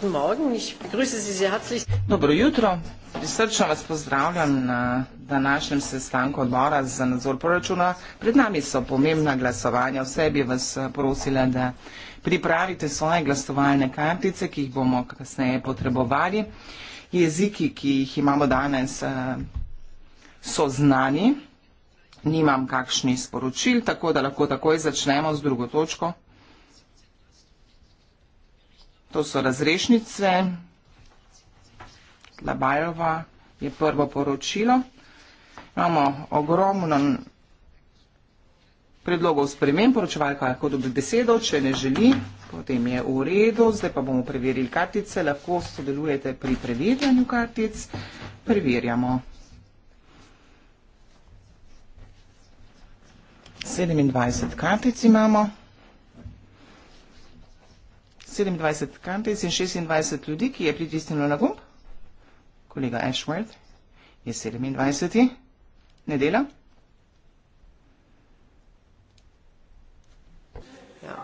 guten Morgen, ich begrüße Sie sehr herzlich. Dobro jutro. Srčno vas pozdravljam na današnjem sestanku odbora za nadzor proračuna. Pred nami so pomembna glasovanja. Vse bi vas eh, prosila, da pripravite svoje glasovalne kartice, ki jih bomo kasneje potrebovali. Jeziki, ki jih imamo danes, eh, so znani. Nimam kakšnih sporočil, tako da lahko takoj začnemo z drugo točko. To so razrešnice. Labajova je prvo poročilo. Imamo ogromno predlogov spremen, poročevalka lahko dobi besedo, če ne želi, potem je v redu. Zdaj pa bomo preverili kartice, lahko sodelujete pri preverjanju kartic. Preverjamo. 27 kartic imamo. 27 countries in 26 ljudi, ki je pritisnilo na gumb. Kolega Ashworth je 27. nedela. Ja.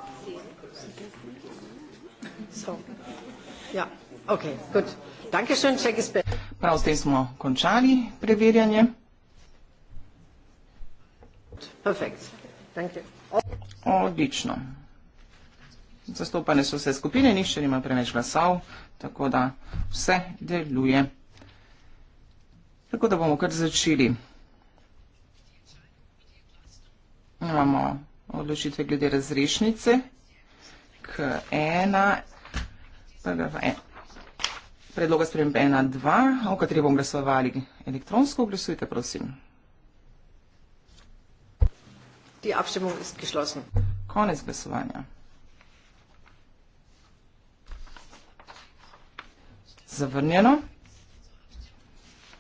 Ja. Okay, schön, Prav s tem smo končali preverjanje. Perfekt. Odlično zastopane so vse skupine, nišče nima preveč glasov, tako da vse deluje. Tako da bomo kar začeli. Imamo odločitve glede razrešnice. K ena, prv, en. predloga sprem 1.2, o kateri bomo glasovali elektronsko, glasujte prosim. Die Abstimmung ist geschlossen. Konec glasovanja. zavrnjeno.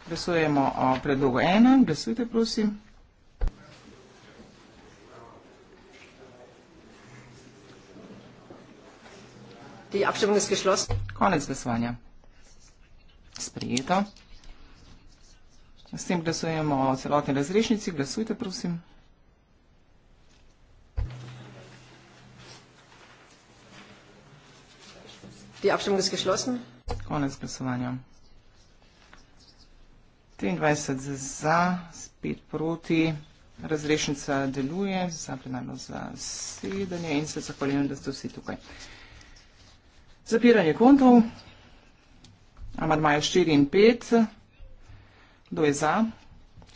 Glasujemo o predlogu 1. Glasujte, prosim. Konec glasovanja. Sprijeto. S tem glasujemo o celotni razrešnici. Glasujte, prosim. Die Abstimmung ist geschlossen. Konec glasovanja. 23 za, 5 proti. Razrešnica deluje, za plenarno zasedanje in se zahvaljujem, da ste vsi tukaj. Zapiranje kontov. Amadmaja 4 in 5. Kdo je za?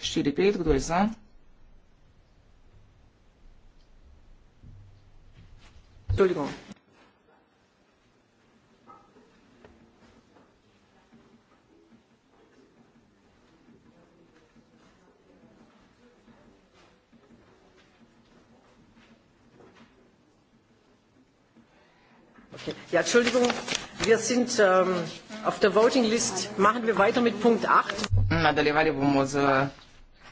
4, 5, kdo je za? Toliko. Okay. Ja, Entschuldigung, wir sind ähm, auf der Voting List. Machen wir weiter mit Punkt 8. Nadaljevali bomo z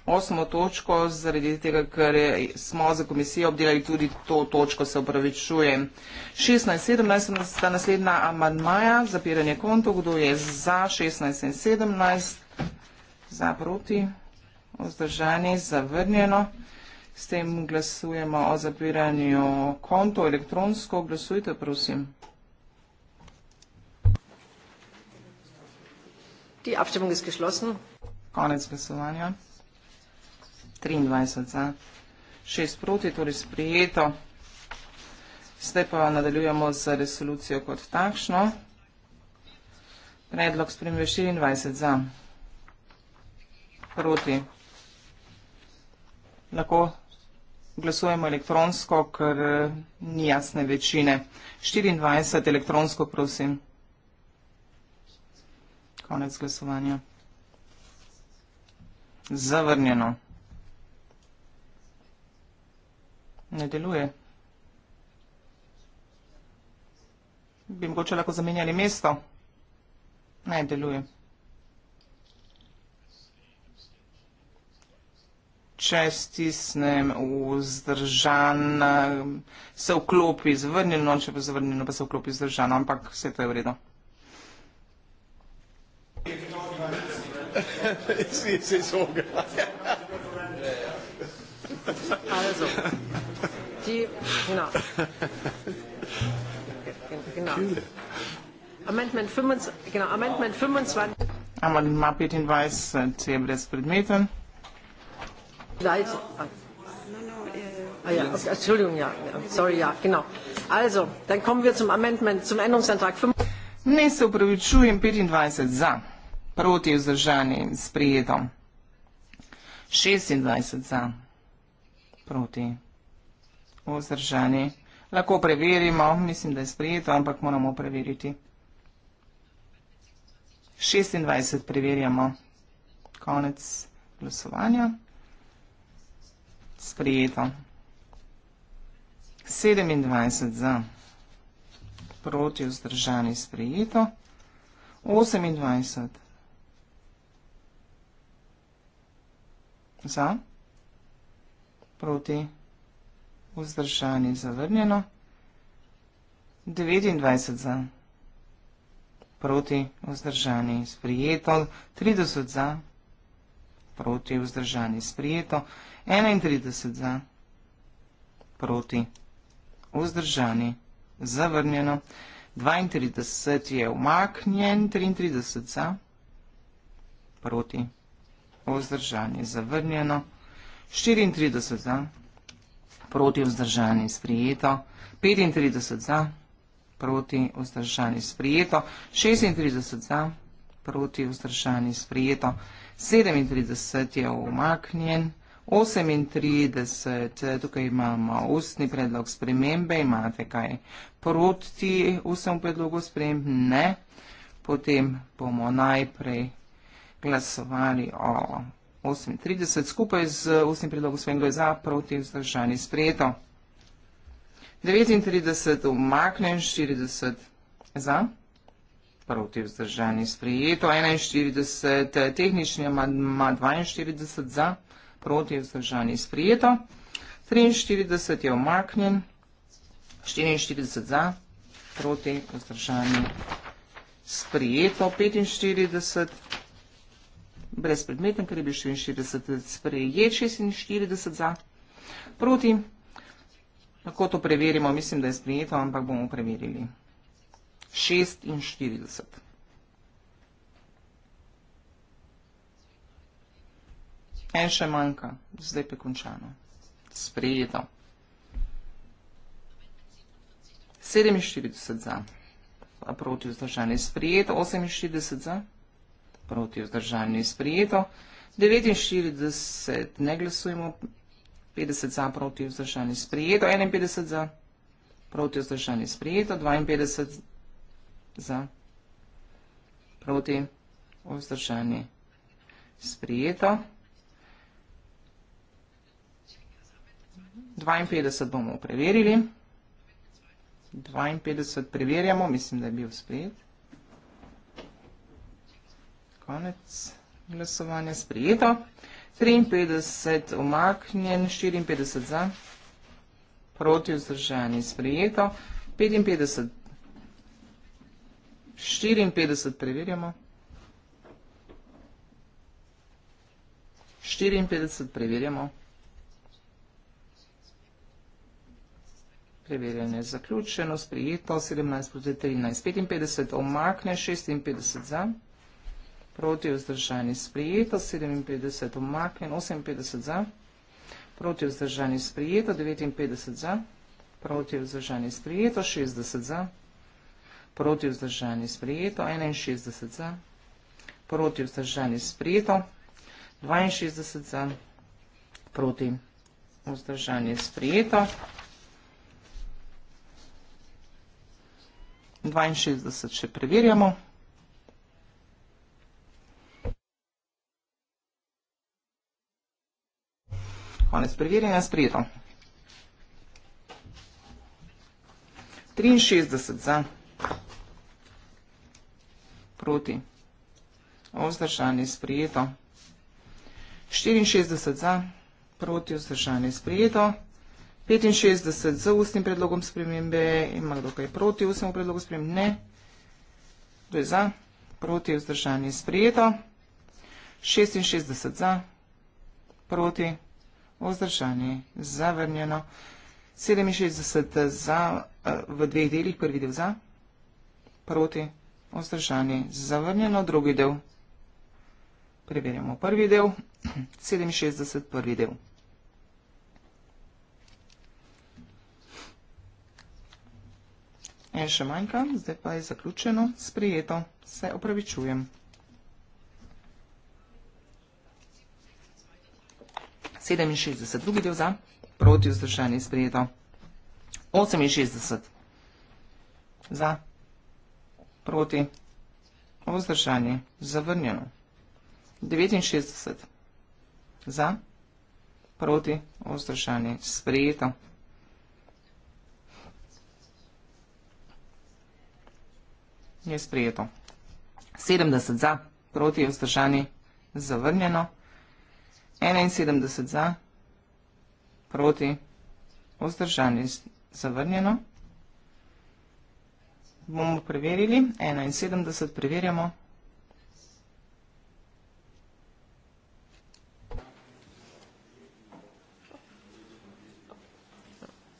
osmo točko, zaradi tega, ker smo za komisijo obdelali tudi to točko, se upravičujem. 16 in 17 sta naslednja amandmaja, zapiranje konto, kdo je za 16 in 17, za proti, vzdržani, zavrnjeno. S tem glasujemo o zapiranju konto elektronsko. Glasujte, prosim. Die Abstimmung ist geschlossen. Konec glasovanja. 23 za, 6 proti, torej sprijeto. Zdaj pa nadaljujemo z resolucijo kot takšno. Predlog spremembe 24 za, proti. Lahko glasujemo elektronsko, ker eh, ni jasne večine. 24 elektronsko, prosim. Konec glasovanja. Zavrnjeno. Ne deluje. Bi mogoče lahko zamenjali mesto? Ne deluje. Če stisnem vzdržan, se vklopi zvrnjeno, če bo zvrnjeno, pa se vklopi zdržano, ampak vse to je v redu. sì, sì, sono grazie. Adesso. Ti... No. Genau. Amendment 25. Genau, Amendment 25. Einmal den Mappet-Hinweis zu Ihrem Restbildmetern. Vielleicht. Ah, ja. Okay, Entschuldigung, ja, ja. Sorry, ja, genau. Also, dann kommen wir zum Amendment, zum Änderungsantrag 5. Nächste Operation, Pet-Hinweis, 5 proti vzdržanim sprijedom. 26 za proti vzdržanim. Lahko preverimo, mislim, da je sprijeto, ampak moramo preveriti. 26 preverjamo. Konec glasovanja. Sprijeto. 27 za proti vzdržanim sprijeto. 28 za proti vzdržanim sprijeto. za, proti, vzdržani, zavrnjeno, 29 za, proti, vzdržani, sprijeto, 30 za, proti, vzdržani, sprijeto, 31 za, proti, vzdržani, zavrnjeno, 32 je umaknjen, 33 za, proti, vzdržani, vzdržanje zavrnjeno, 34 za, proti vzdržanje sprijeto, 35 za, proti vzdržanje sprijeto, 36 za, proti vzdržanje sprijeto, 37 je umaknjen, 38, tukaj imamo ustni predlog spremembe, imate kaj proti vsem predlogu sprem? Ne. Potem bomo najprej glasovali o 38, skupaj z ustnim predlogom svojega za proti vzdržani sprejeto. 39 umaknem, 40 za proti vzdržani sprejeto, 41 tehnični ima 42 za proti vzdržani sprejeto, 43 je umaknjen, 44 za proti vzdržani sprejeto, 45 brezpredmeten, ker je bil 64 sprejet, 46 za, proti. Lahko to preverimo, mislim, da je sprejeto, ampak bomo preverili. 46. En še manjka, zdaj pa je končano. Sprejeto. 47 za, proti vzdržanje. Sprejeto, 48 za proti vzdržanju je sprijeto. 49 ne glasujemo, 50 za proti vzdržanju je sprijeto, 51 za proti vzdržanju je sprijeto, 52 za proti vzdržanju je sprijeto. 52 bomo preverili. 52 preverjamo, mislim, da je bil sprejet konec glasovanja sprijeto. 53 omaknjen, 54 za, proti vzdržanje sprijeto. 55, 54 preverjamo. 54 preverjamo. Preverjanje zaključeno, sprijeto, 17 proti 13, 55 omakne, 56 za proti vzdržani sprijeto, 57 omaknjen, 58 za, proti vzdržani sprijeto, 59 za, proti vzdržani sprijeto, 60 za, proti vzdržani sprijeto, 61 za, proti vzdržani sprijeto, 62 za, proti vzdržani sprijeto, 62 še preverjamo, 62 za, Konec preverjanja, sprejeto. 63 za, proti, vzdržani, sprejeto. 64 za, proti, vzdržani, sprejeto. 65 za ustnim predlogom spremembe, ima kdo kaj proti ustnemu predlogu spremembe, ne. To je za, proti, vzdržani, sprejeto. 66 za, proti, vzdržani, sprejeto vzdržani, zavrnjeno, 67 za eh, v dveh delih, prvi del za, proti, vzdržani, zavrnjeno, drugi del, preverjamo prvi del, 67 prvi del. En še manjka, zdaj pa je zaključeno, sprijeto, se opravičujem. 67, drugi del za, proti vzdržanje sprejeto. 68 za, proti vzdržanje zavrnjeno. 69 za, proti vzdržanje sprejeto. Je sprejeto. 70 za, proti vzdržanje zavrnjeno. 71 za, proti, vzdržani zavrnjeno. Bomo preverili, 71 preverjamo.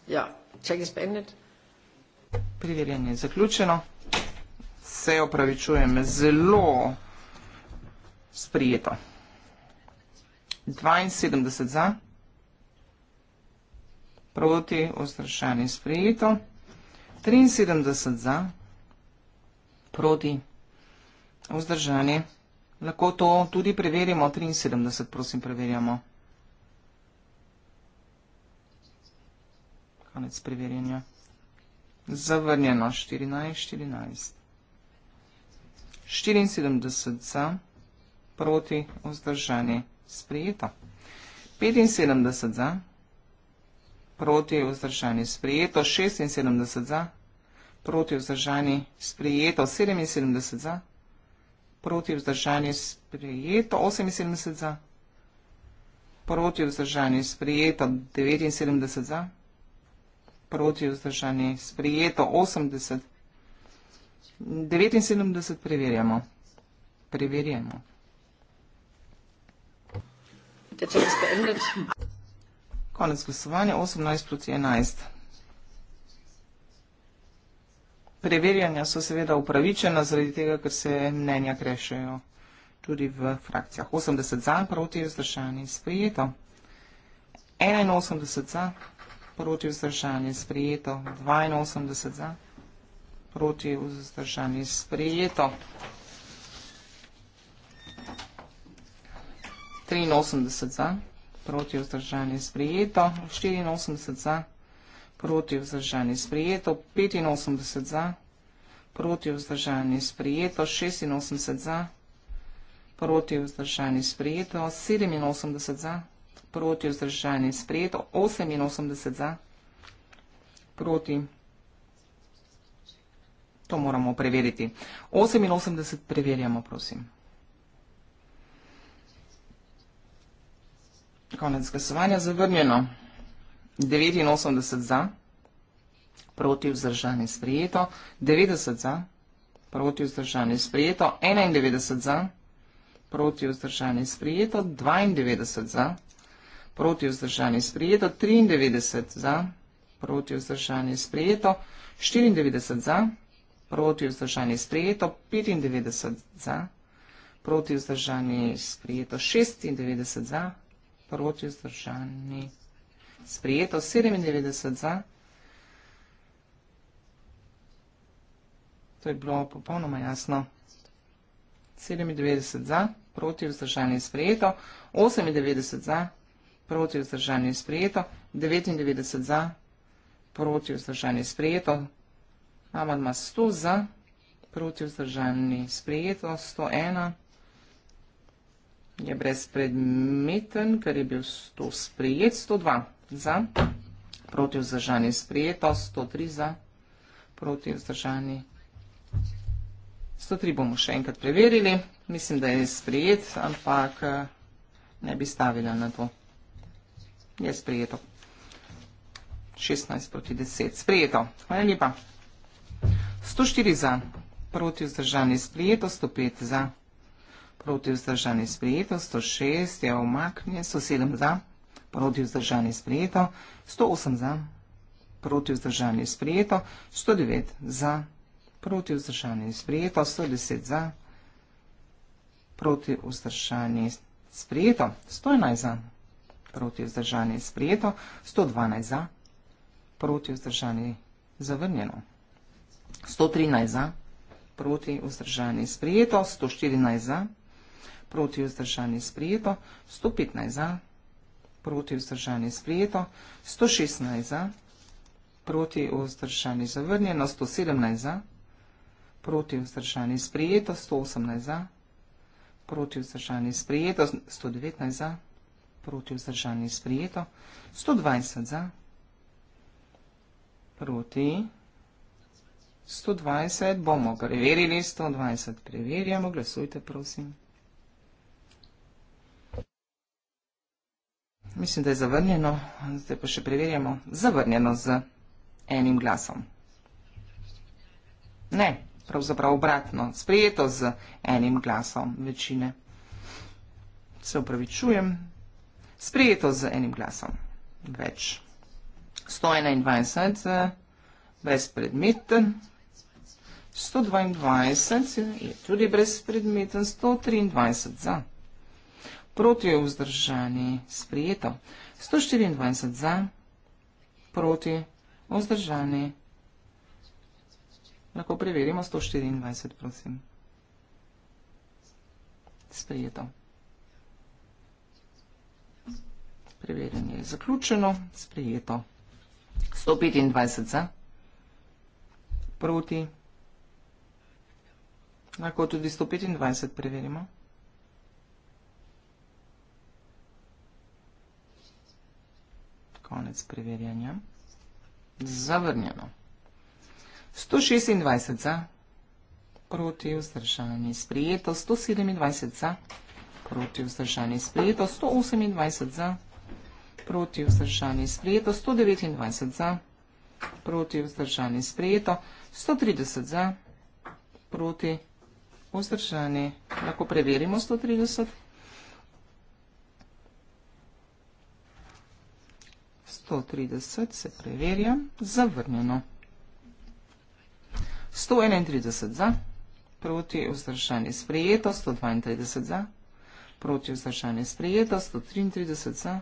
Ja, check is pended. Preverjanje je zaključeno. Se opravičujem, zelo sprijeto. 72 za. Proti, vzdržani, sprejeto. 73 za. Proti, vzdržani. Lahko to tudi preverimo. 73, prosim, preverjamo. Konec preverjanja. Zavrnjeno. 14, 14. 74 za. Proti, vzdržani sprejeto. 75 za, proti je vzdržani sprejeto, 76 za, proti je vzdržani sprejeto, 77 za, proti je vzdržani sprejeto, 78 za, proti je vzdržani sprejeto, 79 za, proti je vzdržani sprejeto, 80, 79 preverjamo, preverjamo der Zug ist beendet. Konec glasovanja 18 proti 11. Preverjanja so seveda upravičena zaradi tega, ker se mnenja krešajo tudi v frakcijah. 80 za, proti vzdržanje sprijeto. 81 za, proti vzdržanje sprijeto. 82 za, proti vzdržanje sprijeto. 83 za, proti vzdržanje sprijeto, 84 za, proti vzdržanje sprijeto, 85 za, proti vzdržanje sprijeto, 86 za, proti vzdržanje sprijeto, 87 za, proti vzdržanje sprijeto, 88 za, proti, to moramo preveriti. 88 preverjamo, prosim. Konec glasovanja zavrnjeno. 89 za, proti vzdržani sprejeto. 90 za, proti vzdržani sprejeto. 91 za, proti vzdržani sprejeto. 92 za, proti vzdržani sprejeto. 93 za, proti vzdržani sprejeto. 94 za, proti vzdržani sprejeto. 95 za, proti vzdržani sprejeto. 96 za, proti vzdržani sprejeto proti vzdržani. Sprijeto 97 za. To je bilo popolnoma jasno. 97 za, proti vzdržani sprijeto. 98 za, proti vzdržani sprijeto. 99 za, proti vzdržani sprijeto. Amadma 100 za, proti vzdržani sprijeto. 101 za je brezpredmeten, ker je bil to sprejet. 102 za, proti vzdržani sprejeto, 103 za, proti vzdržani. 103 bomo še enkrat preverili. Mislim, da je sprejet, ampak eh, ne bi stavila na to. Je sprejeto. 16 proti 10. Sprejeto. Hvala lepa. 104 za, proti vzdržani sprejeto, 105 za proti vzdržani sprejeto, 106 je omaknjen, 107 za, proti vzdržani sprejeto, 108 za, proti vzdržani sprejeto, 109 za, proti vzdržani sprejeto, 110 za, proti vzdržani sprejeto, 111 za, proti vzdržani sprejeto, 112 za, proti vzdržani zavrnjeno, 113 za, proti vzdržani sprejeto, 114 za, proti vzdržani sprejeto, 114 za, proti vzdržanje sprijeto, 115 za, proti vzdržanje sprijeto, 116 za, proti vzdržanje zavrnjeno, 117 za, proti vzdržanje sprijeto, 118 za, proti vzdržanje sprijeto, 119 za, proti vzdržanje sprijeto, 120 za, proti 120, bomo preverili, 120 preverjamo, glasujte prosim. Mislim, da je zavrnjeno. Zdaj pa še preverjamo. Zavrnjeno z enim glasom. Ne, pravzaprav obratno. Sprejeto z enim glasom večine. Se upravičujem. Sprejeto z enim glasom več. 121 eh, brezpredmeten. 122 je tudi brezpredmeten. 123 za proti je vzdržani sprijeto. 124 za, proti vzdržani. Lahko preverimo 124, prosim. Sprijeto. Preverjanje je zaključeno, sprijeto. 125 za, proti. Lahko tudi 125 preverimo. konec preverjanja. Zavrnjeno. 126 za, proti vzdržanje sprijeto, 127 za, proti vzdržanje sprijeto, 128 za, proti vzdržanje sprijeto, 129 za, proti vzdržanje sprijeto, 130 za, proti vzdržanje, lahko preverimo 130 za, 130 se preverja zavrnjeno. 131 za, proti vzdržanje sprejeto, 132 za, proti vzdržanje sprejeto, 133 za,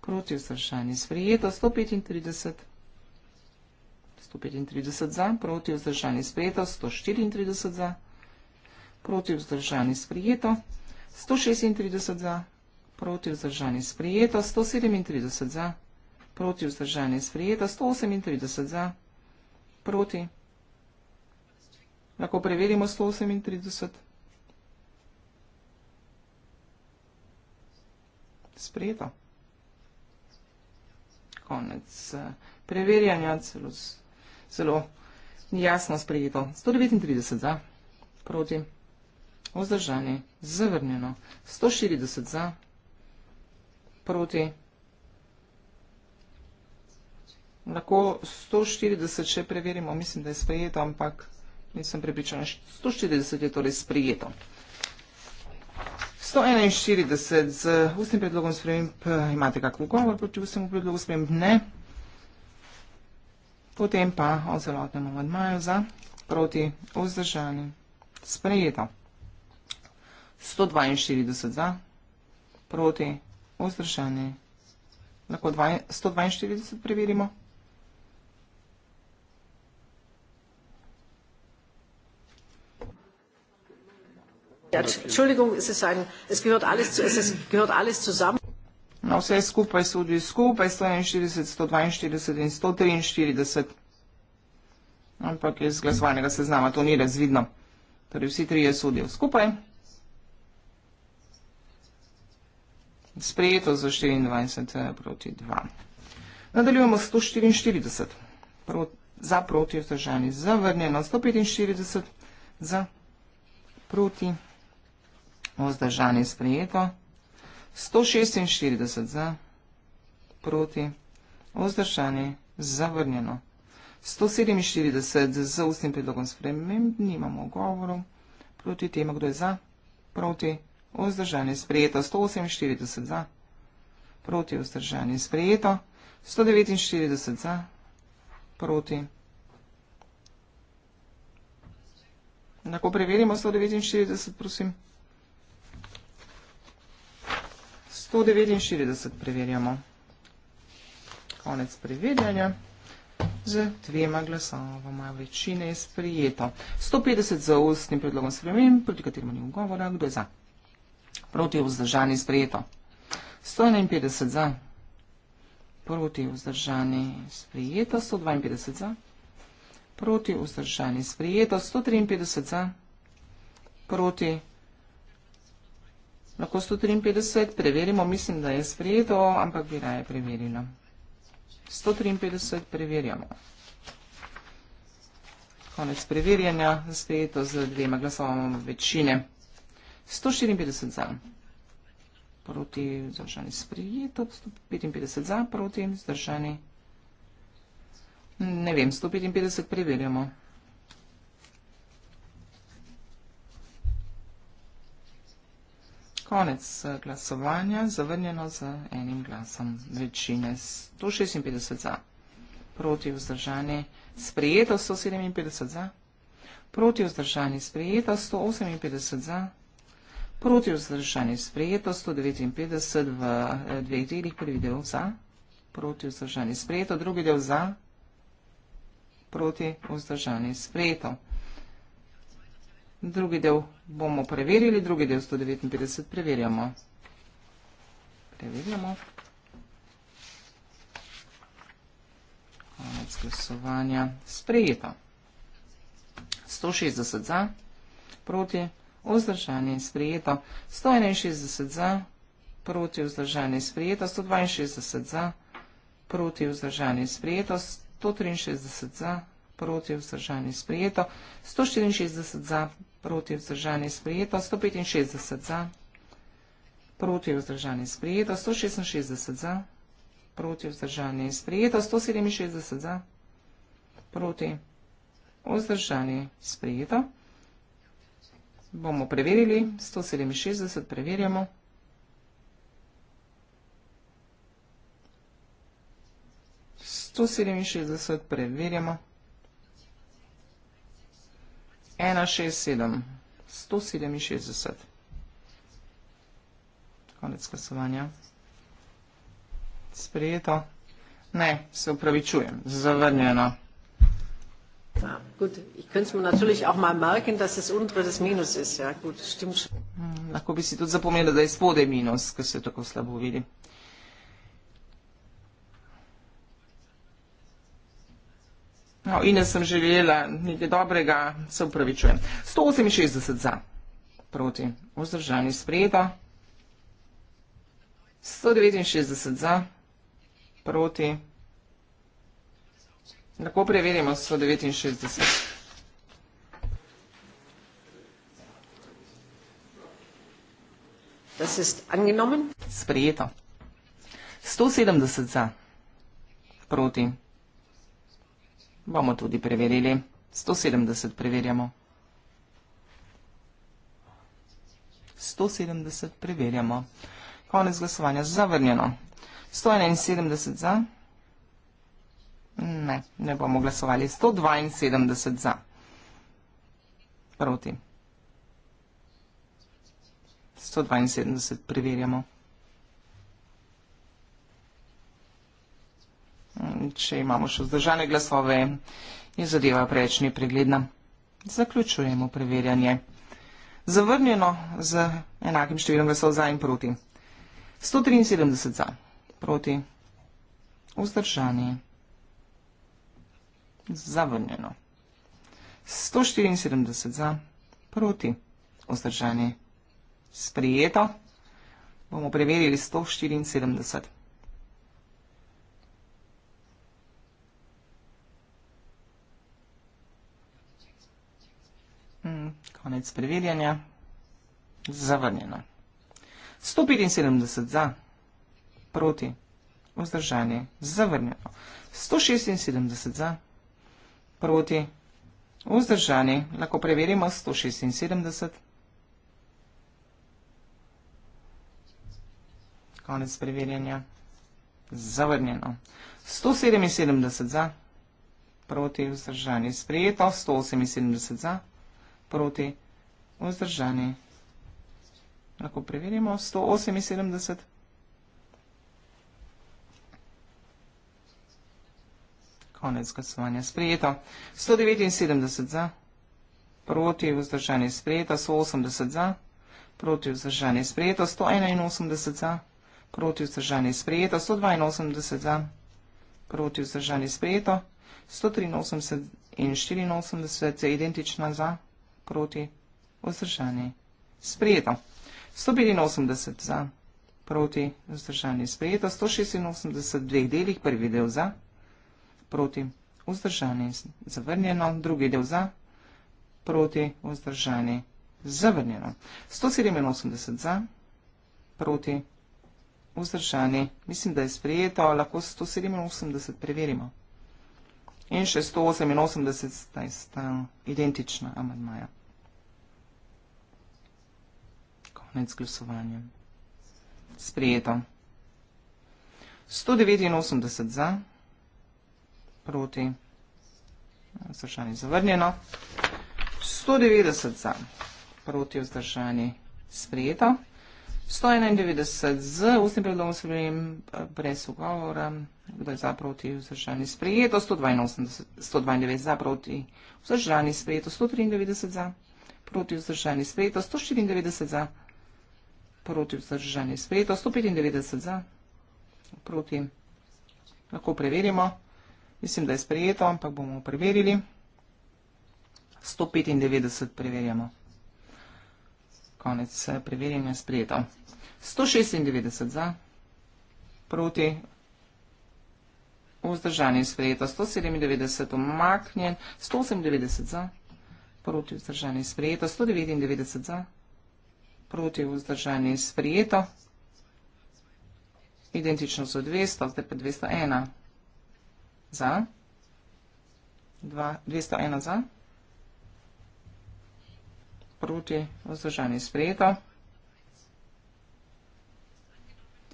proti vzdržanje sprejeto, 135, 135 za, proti vzdržanje sprejeto, 134 za, proti vzdržanje sprejeto, 136 za, proti vzdržanje sprejeto, 137 za, proti vzdržanje sprejeto, 137 za, proti vzdržanje sprejeta, 138 za, proti. Lahko preverimo 138. Sprejeto. Konec eh, preverjanja, celo, celo jasno sprejeto. 139 za, proti. Vzdržanje, zavrnjeno. 140 za, proti. Lahko 140 še preverimo, mislim, da je sprejeto, ampak nisem prepričana. 140 je torej sprejeto. 141 z ustnim predlogom sprememb imate kak ugovor proti ustnemu predlogu sprememb? Ne. Potem pa o celotnem amandmaju za proti vzdržanju sprejeto. 142 za proti vzdržanju. Lahko 142 preverimo. Ja, torej, Entschuldigung, es ist ein, es gehört alles zu, es ist, gehört alles zusammen. No, vse skupaj sodi skupaj, 141, 142 in 143, ampak iz glasovalnega seznama to ni razvidno. Torej vsi trije sodijo skupaj. Sprejeto za 24 eh, proti 2. Nadaljujemo 144. Prvo, za proti vzdržani zavrnjeno 145 za proti 2 vzdržanje sprejeto, 146 za, proti, vzdržanje zavrnjeno, 147 za ustnim predlogom spremem, nimamo govorov, proti tema, kdo je za, proti, vzdržanje sprejeto, 148 za, proti, vzdržanje sprejeto, 149 za, proti. Lahko preverimo 149, prosim. 149 preverjamo. Konec preverjanja. Z dvema glasovama večine je sprijeto. 150 za ustnim predlogom spremem, proti kateremu ni ugovora, kdo je za. Proti vzdržani sprijeto. 151 za. Proti vzdržani sprijeto. 152 za. Proti vzdržani sprijeto. 153 za. Proti vzdržani sprijeto. Lahko 153 preverimo, mislim, da je sprejeto, ampak bi raje preverila. 153 preverjamo. Konec preverjanja, sprejeto z dvema glasovama večine. 154 za, proti zdržani sprejeto, 155 za, proti zdržani. Ne vem, 155 preverjamo. Konec eh, glasovanja, zavrnjeno z enim glasom večine. 156 za, proti vzdržani, sprijeto 157 za, proti vzdržani, sprijeto 158 za, proti vzdržani, sprijeto 159 v eh, dveh delih, prvi del za, proti vzdržani, sprijeto, drugi del za, proti vzdržani, sprijeto. Drugi del bomo preverili, drugi del 159 preverjamo. Preverjamo. Konec glasovanja. Sprejeto. 160 za, proti, vzdržanje, sprejeto. 161 za, proti, vzdržanje, sprejeto. 162 za, proti, vzdržanje, sprejeto. 163 za, proti, vzdržanje, sprejeto. 164 za, proti, vzdržanje, sprejeto proti vzdržanje sprejeto, 165 za, proti vzdržanje sprejeto, 166 za, proti vzdržanje sprejeto, 167 za, proti vzdržanje sprejeto. Bomo preverili, 167 preverjamo. Sto sedeminšestdeset preverjamo. 167. Konec glasovanja. Sprejeto. Ne, se upravičujem. Zavrnjeno. Ja, ja, hm, lahko bi si tudi zapomnila, da je spodaj minus, ker se tako slabo vidi. No, in jaz sem želela nekaj dobrega, se upravičujem. 168 za, proti, vzdržani spreda. 169 za, proti. Lahko preverimo 169. Das ist angenommen. Sprejeto. 170 za, proti bomo tudi preverili. 170 preverjamo. 170 preverjamo. Konec glasovanja zavrnjeno. 171 za. Ne, ne bomo glasovali. 172 za. Proti. 172 preverjamo. če imamo še vzdržane glasove in zadeva preveč nepregledna. Zaključujemo preverjanje. Zavrnjeno z enakim številom glasov za in proti. 173 za, proti, vzdržani, zavrnjeno. 174 za, proti, vzdržani, sprijeto. Bomo preverili 174. Konec preverjanja. Zavrnjeno. 175 za, proti, vzdržanje, zavrnjeno. 176 za, proti, vzdržanje, lahko preverimo 176. Konec preverjanja, zavrnjeno. 177 za, proti, vzdržanje, sprejeto, 178 za, proti proti vzdržani. Lahko preverimo 178. Konec glasovanja sprejeto. 179 za, proti vzdržani sprejeto, 180 za, proti vzdržani sprejeto, 181 za, proti vzdržani sprejeto, 182 za, proti vzdržani sprejeto, 183 in 84 identična za proti vzdržani. Sprijeto. 185 za proti vzdržani. Sprijeto. 186 dveh delih. Prvi del za proti vzdržani. Zavrnjeno. Drugi del za proti vzdržani. Zavrnjeno. 187 za proti vzdržani. Mislim, da je sprijeto. Lahko 187 preverimo in še 188 sta, sta identična amadmaja. Konec glasovanja. Sprijeto. 189 za, proti, vzdržani zavrnjeno. 190 za, proti, vzdržani sprijeto. 191 z ustnim predlogom sprejem brez ugovora, kdo je za proti vzdržani sprejeto, 192 za proti vzdržani sprejeto, 193 za proti vzdržani sprejeto, 194 za proti vzdržani sprejeto, 195 za proti. Lahko preverimo, mislim, da je sprejeto, ampak bomo preverili. 195 preverjamo konec eh, preverjanja sprejeta. 196 za, proti, vzdržanje sprejeta, 197 omaknjen, 198 za, proti, vzdržanje sprejeta, 199 za, proti, vzdržanje sprejeta, identično so 200, zdaj pa 201 za, 201 za, proti, vzdržani sprejeto.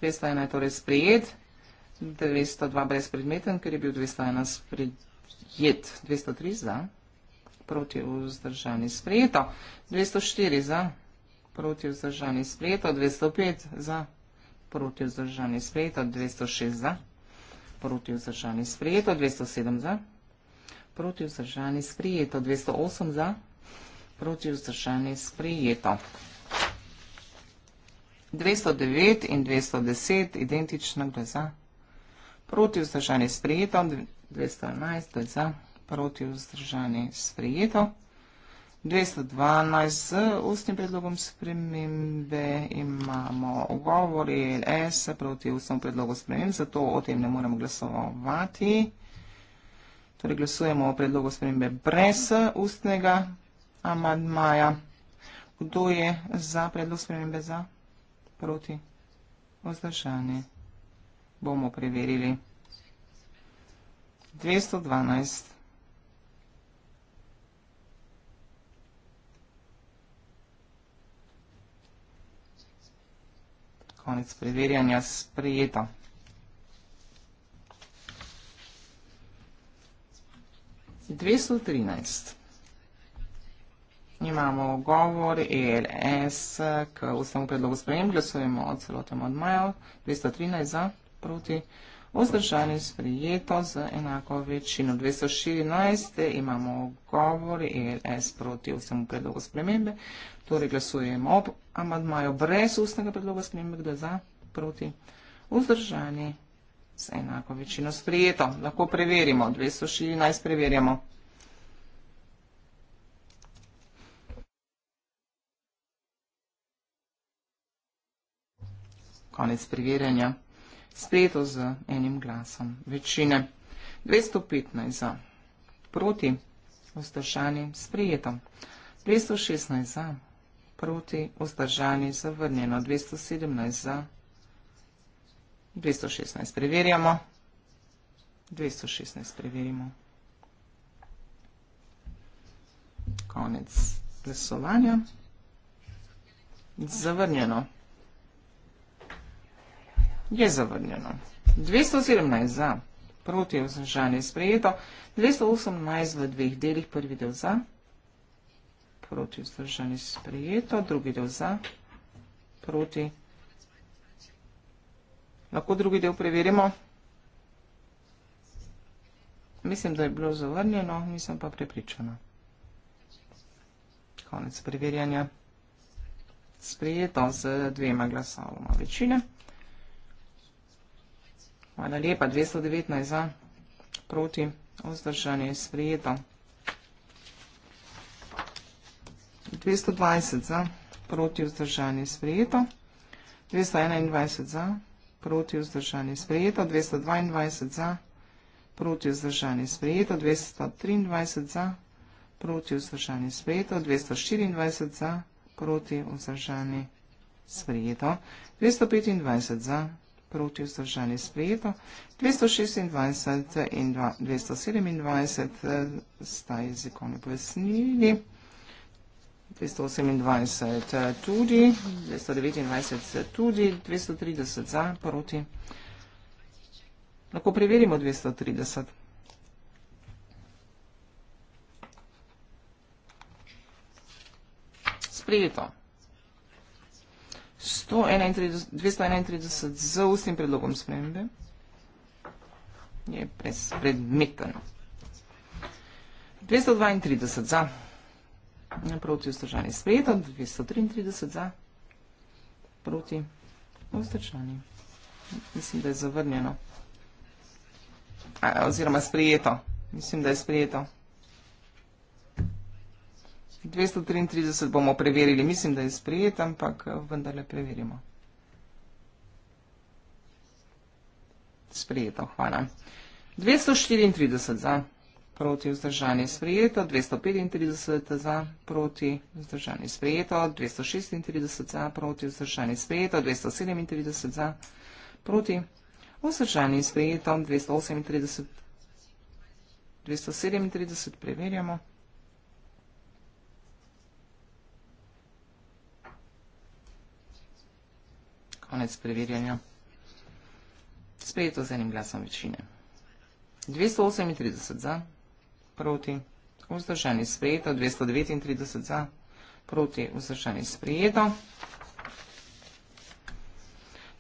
201 je torej sprejet, 202 brezpredmeten, ker je bil 201 sprejet, 203 za, proti vzdržani sprejeto, 204 za, proti vzdržani sprejeto, 205 za, proti vzdržani sprejeto, 206 za, proti vzdržani sprejeto, 207 za, proti vzdržani sprejeto, 208 za, proti vzdržanje sprejeto. 209 in 210 identična glasa proti vzdržanje sprejeto, 211 glasa proti vzdržanje sprejeto, 212 z ustnim predlogom spremembe imamo ogovor ELS proti ustnom predlogu spremembe, zato o tem ne moremo glasovati. Torej glasujemo o predlogu spremembe brez ustnega amadmaja. Kdo je za predlog spremembe za? Proti. Ozdržanje. Bomo preverili. 212. Konec preverjanja sprejeta. 213. 213. Imamo govor ELS k ustavnemu predlogu sprejem, glasujemo o celotem odmaju, 213 za, proti, vzdržani sprejeto z enako večino. 214 eh, imamo govor ELS proti ustavnemu predlogu spremembe, torej glasujemo ob amadmaju brez ustnega predloga spremembe, kdo je za, proti, vzdržani z enako večino sprejeto. Lahko preverimo, 214 preverjamo. konec preverjanja. Spleto z enim glasom večine. 215 za, proti, vzdržani, sprejeto. 216 za, proti, vzdržani, zavrnjeno. 217 za, 216 preverjamo. 216 preverimo. Konec glasovanja. Zavrnjeno je zavrnjeno. 217 za, proti je vzdržanje sprejeto, 218 v dveh delih, prvi del za, proti vzdržanje sprejeto, drugi del za, proti. Lahko drugi del preverimo. Mislim, da je bilo zavrnjeno, nisem pa prepričana. Konec preverjanja. Sprejeto z dvema glasovoma večine. Hvala lepa. 219 za, proti, vzdržanje je sprejeto. 220 za, proti, vzdržanje je sprejeto. 221 za, proti, vzdržanje je sprejeto. 222 za, proti, vzdržanje je sprejeto. 223 za, proti, vzdržanje je sprejeto. 224 za, proti, vzdržanje je sprejeto. 225 za, proti, vzdržanje je sprejeto. 225 za, proti, vzdržanje je sprejeto. 225 za, proti, vzdržanje je sprejeto. 225 za, proti, vzdržanje je sprejeto proti vzdržani sprejeto, 226 in 227 eh, sta jezikovne pojasnili, 228 eh, tudi, 229 eh, tudi, 230 za, proti. Lahko preverimo 230. Sprejeto. 231 z ustnim predlogom spremembe je predmeten. 232 za. Proti ostržani sprejeto. 233 za. Proti ostržani. Mislim, da je zavrnjeno. Oziroma sprejeto. Mislim, da je sprejeto. 233 bomo preverili, mislim, da je sprejet, ampak eh, vendarle preverimo. Sprejeto, hvala. 234 za proti vzdržanje sprejeto, 235 za proti vzdržanje sprejeto, 236 za proti vzdržanje sprejeto, 237 za proti vzdržanje sprejeto, 238, 237 preverjamo. Konec preverjanja. Sprejeto z enim glasom večine. 238 za, proti, vzdržani sprejeto, 239 za, proti, vzdržani sprejeto,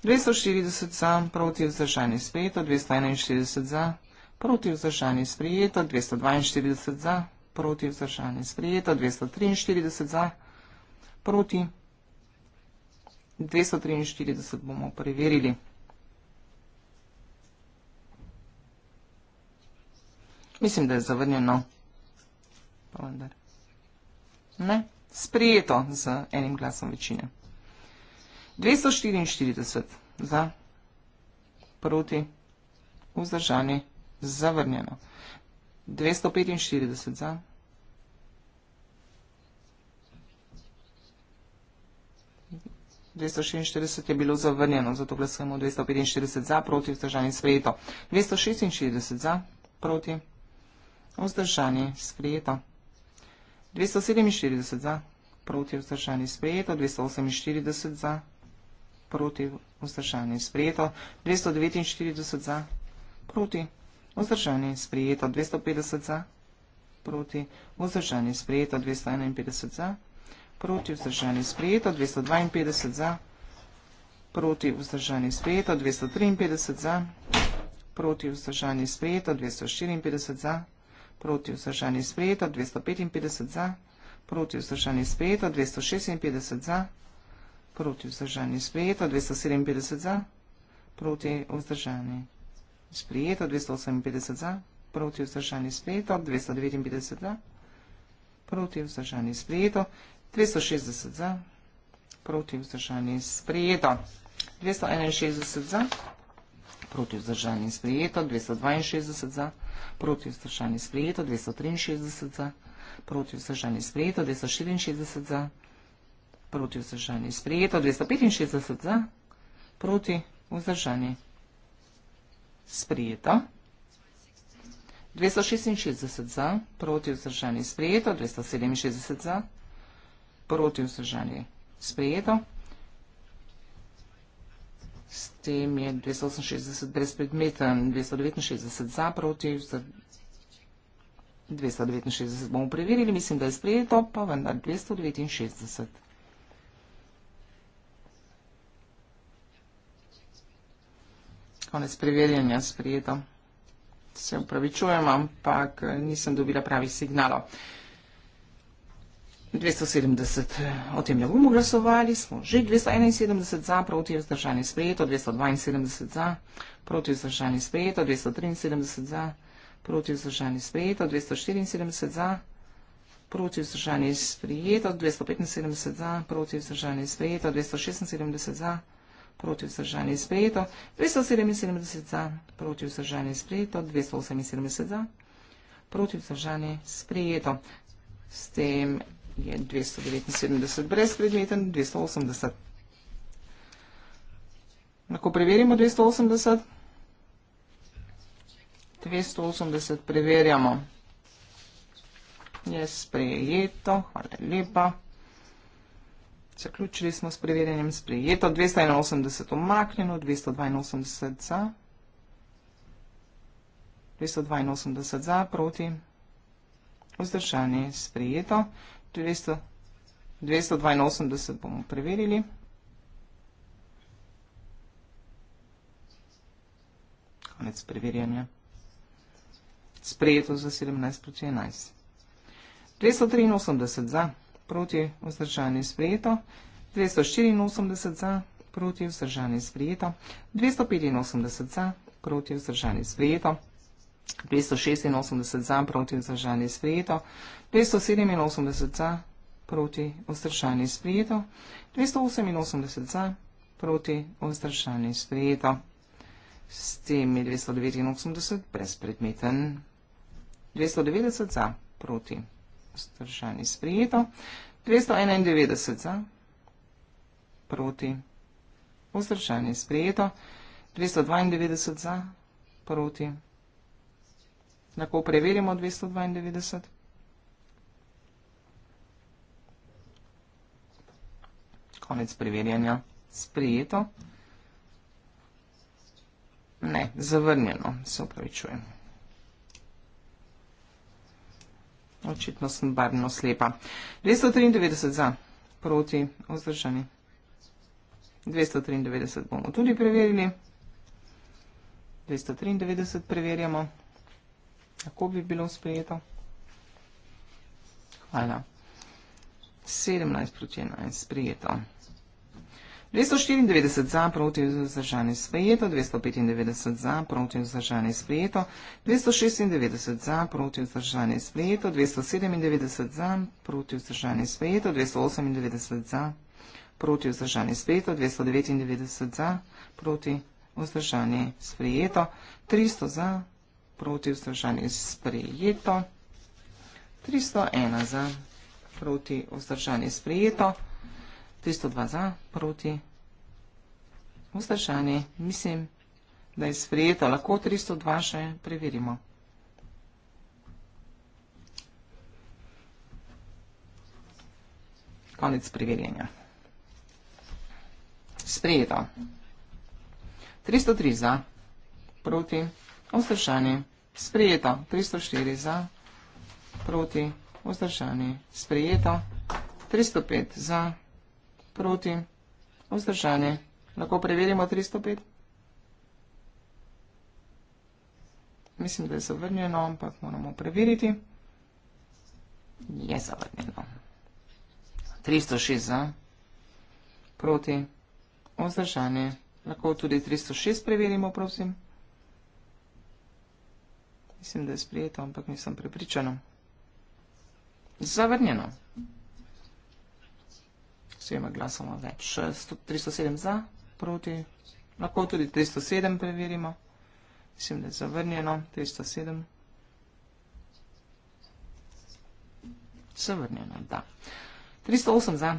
240 za, proti, vzdržani sprejeto, 241 za, proti, vzdržani sprejeto, 242 za, proti, vzdržani sprejeto, 243 za, proti, vzdržani sprejeto, 243 bomo preverili. Mislim, da je zavrnil, no. Pa vendar. Ne, sprijeto z enim glasom večine. 244 za proti vzdržanje zavrnjeno. 245 za proti. 246 je bilo zavrnjeno, zato glasujemo 245 za, proti vzdržanje sprejeto. 266 za, proti vzdržanje sprejeto. 247 za, proti vzdržanje sprejeto. 248 za, proti vzdržanje sprejeto. 249 za, proti vzdržanje sprejeto. 250 za, proti vzdržanje sprejeto. 251 za, proti vzdržanje sprejeto proti vzdržanje sprejeto, 252 za, proti vzdržanje sprejeto, 253 za, proti vzdržanje sprejeto, 254 za, proti vzdržanje sprejeto, 255 za, proti vzdržanje sprejeto, 256 za, proti vzdržanje sprejeto, 257 za, proti vzdržanje sprejeto, 258 za, proti vzdržanje sprejeto, 259 za, proti vzdržanje sprejeto, 260 za, proti vzdržanje sprejeto. 261 za, proti vzdržanje sprejeto. 262 za, proti vzdržanje sprejeto. 263 za, proti vzdržanje sprejeto. 264 za, proti vzdržanje sprejeto. 265 za, proti vzdržanje sprejeto. 266 za, proti vzdržanje sprejeto. 267 za, proti vzdržanje sprejeto. 267 za, proti vzdržanje sprejeto. S tem je 268 brez predmeta, 269 za proti, 269 bomo preverili, mislim, da je sprejeto, pa vendar 269. Konec preverjanja sprejeto. Se upravičujem, ampak nisem dobila pravih signalov. 270 o tem ne bomo glasovali, smo že 271 za, proti je vzdržanje sprejeto, 272 za, proti je vzdržanje sprejeto, 273 za, proti je vzdržanje sprejeto, 274 za, proti je vzdržanje sprejeto, 275 za, proti je vzdržanje sprejeto, 276 za, proti je vzdržanje sprejeto, 277 za, proti je vzdržanje sprejeto, 278 za, proti je vzdržanje sprejeto. S tem je 279 brezpredmeten, 280. Lahko preverimo 280. 280 preverjamo. Je sprejeto, hvala lepa. Zaključili smo s preverjanjem sprejeto. 281 omaknjeno, 282 za. 282 za, proti. Vzdržanje sprejeto. 282 bomo preverili. Konec preverjanja. Sprejeto za 17 proti 11. 283 za, proti vzdržanje sprejeto. 284 za, proti vzdržanje sprejeto. 285 za, proti vzdržanje sprejeto. 286 za proti vzdržanje sprejeto, 287 za proti vzdržanje sprejeto, 288 za proti vzdržanje sprejeto. S tem je 289 brezpredmeten, 290 za proti vzdržanje sprejeto, 291 za proti vzdržanje sprejeto, 292 za proti vzdržanje sprejeto lahko preverimo 292. Konec preverjanja. Sprijeto. Ne, zavrnjeno, se upravičujem. Očitno sem barno slepa. 293 za, proti, vzdržani. 293 bomo tudi preverili. 293 preverjamo. 293 kako bi bilo sprejeto. Hvala. 17 proti 11 sprejeto. 294 za, proti vzdržani sprejeto, 295 za, proti vzdržani sprejeto, 296 za, proti vzdržani sprejeto, 297 za, proti vzdržani sprejeto, 298 za, proti vzdržani sprejeto, 299 za, proti vzdržani sprejeto, 300 za, proti vzdržanje sprejeto. 301 za proti vzdržanje sprejeto. 302 za proti vzdržanje. Mislim, da je sprejeto. Lahko 302 še preverimo. Konec preverjenja. Sprejeto. 303 za proti vzdržanje sprejeto. Vzdržani. Sprijeto. 304 za. Proti. Vzdržani. Sprijeto. 305 za. Proti. Vzdržani. Lahko preverimo 305. Mislim, da je zavrnjeno, ampak moramo preveriti. Je zavrnjeno. 306 za. Proti. Vzdržani. Lahko tudi 306 preverimo, prosim. 306. Mislim, da je sprijeto, ampak nisem prepričana. Zavrnjeno. Svema glasoma več. 307 za, proti. Lahko tudi 307 preverimo. Mislim, da je zavrnjeno. 307. Zavrnjeno, da. 308 za,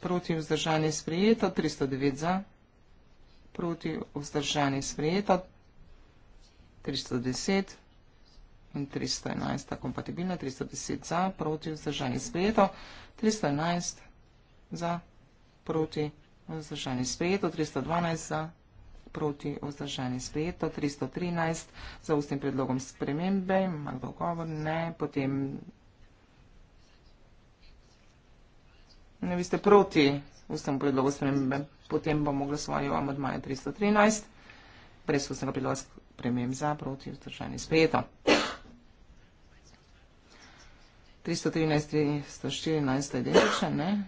proti vzdržanje sprijeto. 309 za, proti vzdržanje sprijeto. 310 za in 311 kompatibilna, 310 za, proti, vzdržani sprejeto, 311 za, proti, vzdržani sprejeto, 312 za, proti, vzdržani sprejeto, 313 za ustnim predlogom spremembe, ima kdo govor, ne, potem ne, vi ste proti ustnemu predlogu spremembe, potem bomo glasovali o amadmaju 313, brez ustnega predloga spremembe za, proti, vzdržani sprejeto. 314 je identičen, ne?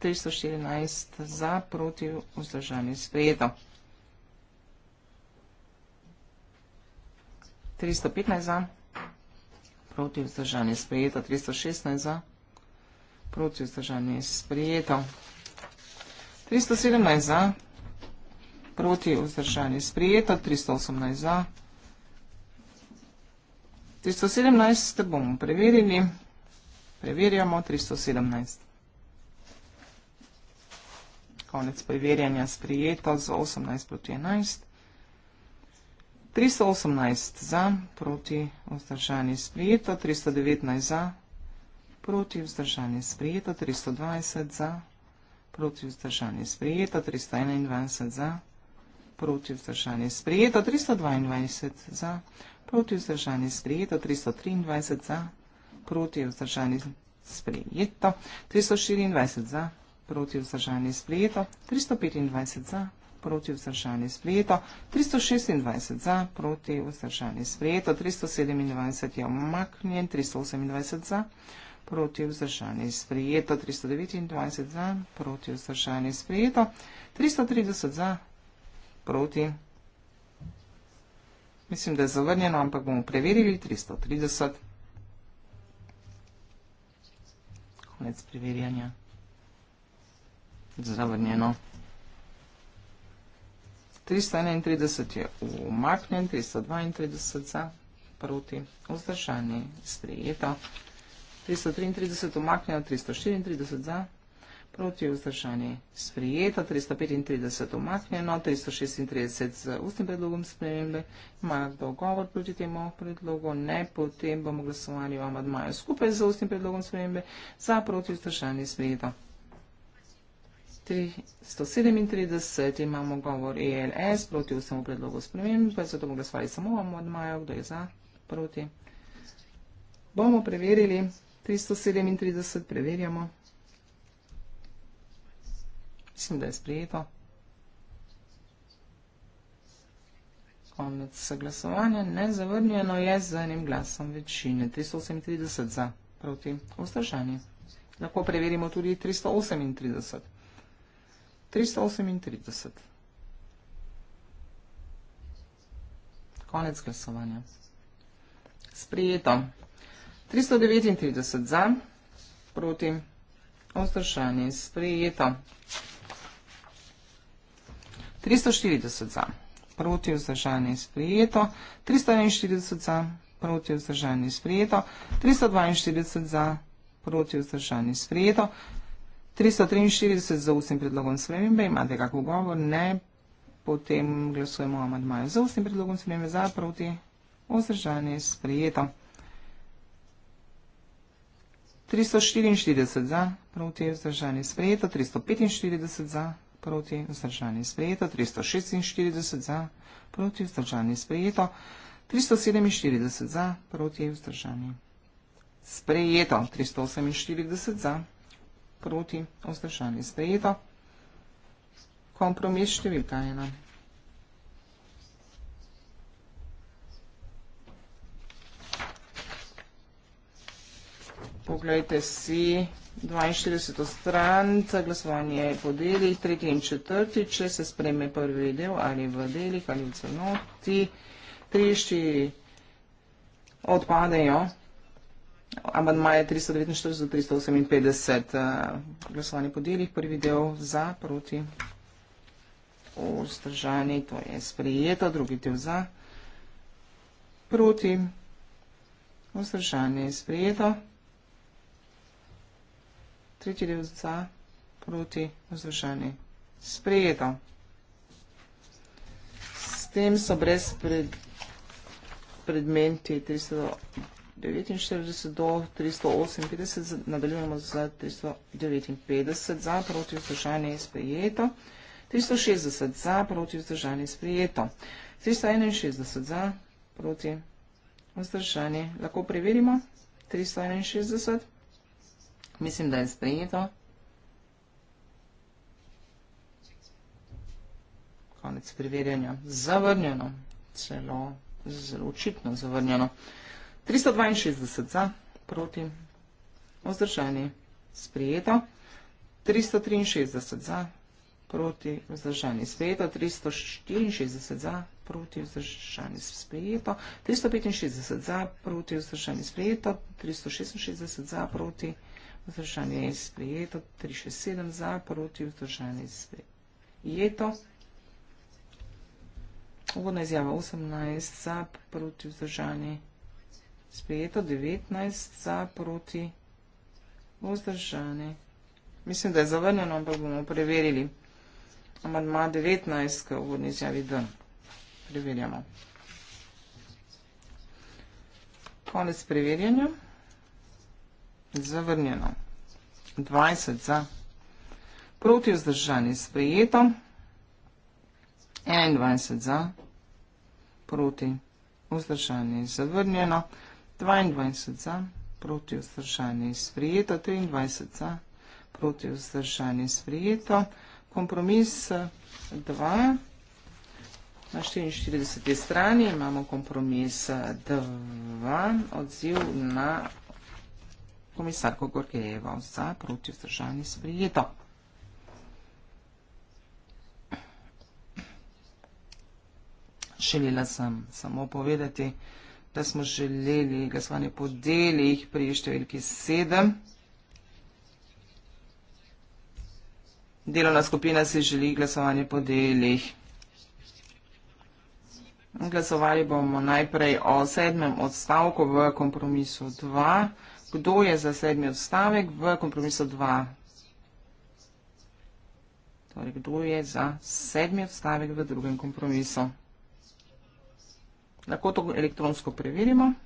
314 za, proti vzdržanje sprejeto. 315 za, proti vzdržanje sprejeto. 316 za, proti vzdržanje sprejeto. 317 za, proti vzdržanje sprejeto. 318 za, proti vzdržanje sprejeto. 317 bomo preverili. Preverjamo 317. Konec preverjanja sprijeto z 18 proti 11. 318 za proti vzdržanje sprijeto, 319 za proti vzdržanje sprijeto, 320 za proti vzdržanje sprijeto, 321 za proti vzdržanje sprijeto, 322 za proti vzdržanje sprijeto proti vzdržani sprejeto, 323 za, proti vzdržani sprejeto, 324 za, proti vzdržani sprejeto, 325 za, proti vzdržani sprejeto, 326 za, proti vzdržani sprejeto, 327 je omaknjen, 328 za, proti vzdržani sprejeto, 329 za, proti vzdržani sprejeto, 330 za, proti vzdržani sprejeto. Mislim, da je zavrnjeno, ampak bomo preverili 330. Konec preverjanja. Zavrnjeno. 331 je umaknjen, 332 za proti vzdržanje sprejeto. 333 umaknjeno, 334 za proti vzdržanje sprejeto proti vzdržani sprijeta, 335 omaknjeno, 336 z ustnim predlogom spremembe, ima dogovor proti temu predlogu, ne, potem bomo glasovali o amadmaju skupaj z ustnim predlogom spremembe za proti vzdržani sprijeta. 337 imamo govor ELS proti vsemu predlogu spremembe, zato bomo glasovali samo o amadmaju, kdo je za, proti. Bomo preverili, 337 preverjamo. Mislim, da je sprejeto. Konec saglasovanja. Nezavrnjeno je z enim glasom večine. 338 za proti vzdržanje. Lahko preverimo tudi 338. 338. Konec glasovanja. Sprijeto. 339 za, proti, ostršanje. Sprijeto. 340 za, proti vzdržanje sprejeto, 341 za, proti vzdržanje sprejeto, 342 za, proti vzdržanje sprejeto, 343 za ustnim predlogom spremembe, imate kakov govor, ne, potem glasujemo o amadmaju za ustnim predlogom spremembe, za, proti vzdržanje sprejeto. 344 za, proti vzdržanje sprejeto, 345 za, proti, vzdržani sprejeto, 346 za, proti, vzdržani sprejeto, 347 za, proti, vzdržani sprejeto, 348 za, proti, vzdržani sprejeto, kompromis številka ena. Poglejte si, 42 stran, glasovanje po delih, tretji in četrti, če se spreme prvi del ali v delih ali v celoti, trišči odpadejo, amad maje 349 do 358, eh, glasovanje po delih, prvi del za, proti, ostržani, to je sprijeto, drugi del za, proti, ostržani, sprijeto tretji del za, proti, vzdržani. Sprejeto. S tem so brez pred, predmeti 349 do 358, nadaljujemo za 359 za, proti, vzdržani, sprejeto. 360 za, proti, vzdržani, sprejeto. 361 za, proti, vzdržani. Lahko preverimo. 361. Mislim, da je sprejeto. Konec preverjanja. Zavrnjeno. Celo zelo očitno zavrnjeno. 362 za, proti, vzdržani, sprejeto. 363 za, proti, vzdržani, sprejeto. 364 za, proti, vzdržani, sprejeto. 365 za, proti, vzdržani, sprejeto. 366 za, proti, vzdržani, sprejeto vzdržanje je sprejeto, 367 za, proti vzdržanje je sprejeto. Uvodna izjava 18 za, proti vzdržanje sprejeto, 19 za, proti vzdržanje. Mislim, da je zavrnjeno, ampak bomo preverili. Amadma 19, ki je uvodni izjavi D. Preverjamo. Konec preverjanja zavrnjeno. 20 za, proti vzdržani sprejeto, 21 za, proti vzdržani zavrnjeno, 22 za, proti vzdržani sprejeto, 23 za, proti vzdržani sprejeto, kompromis 2, na 44. strani imamo kompromis 2, odziv na 2 komisar Kogorkejeva za proti vzdržanje sprejeto. Želela sem samo povedati, da smo želeli glasovanje po delih pri številki 7. Delovna skupina si želi glasovanje po delih. Glasovali bomo najprej o sedmem odstavku v kompromisu 2. Kdo je za sedmi odstavek v kompromisu 2? Torej, kdo je za sedmi odstavek v drugem kompromisu? Lahko to elektronsko preverimo.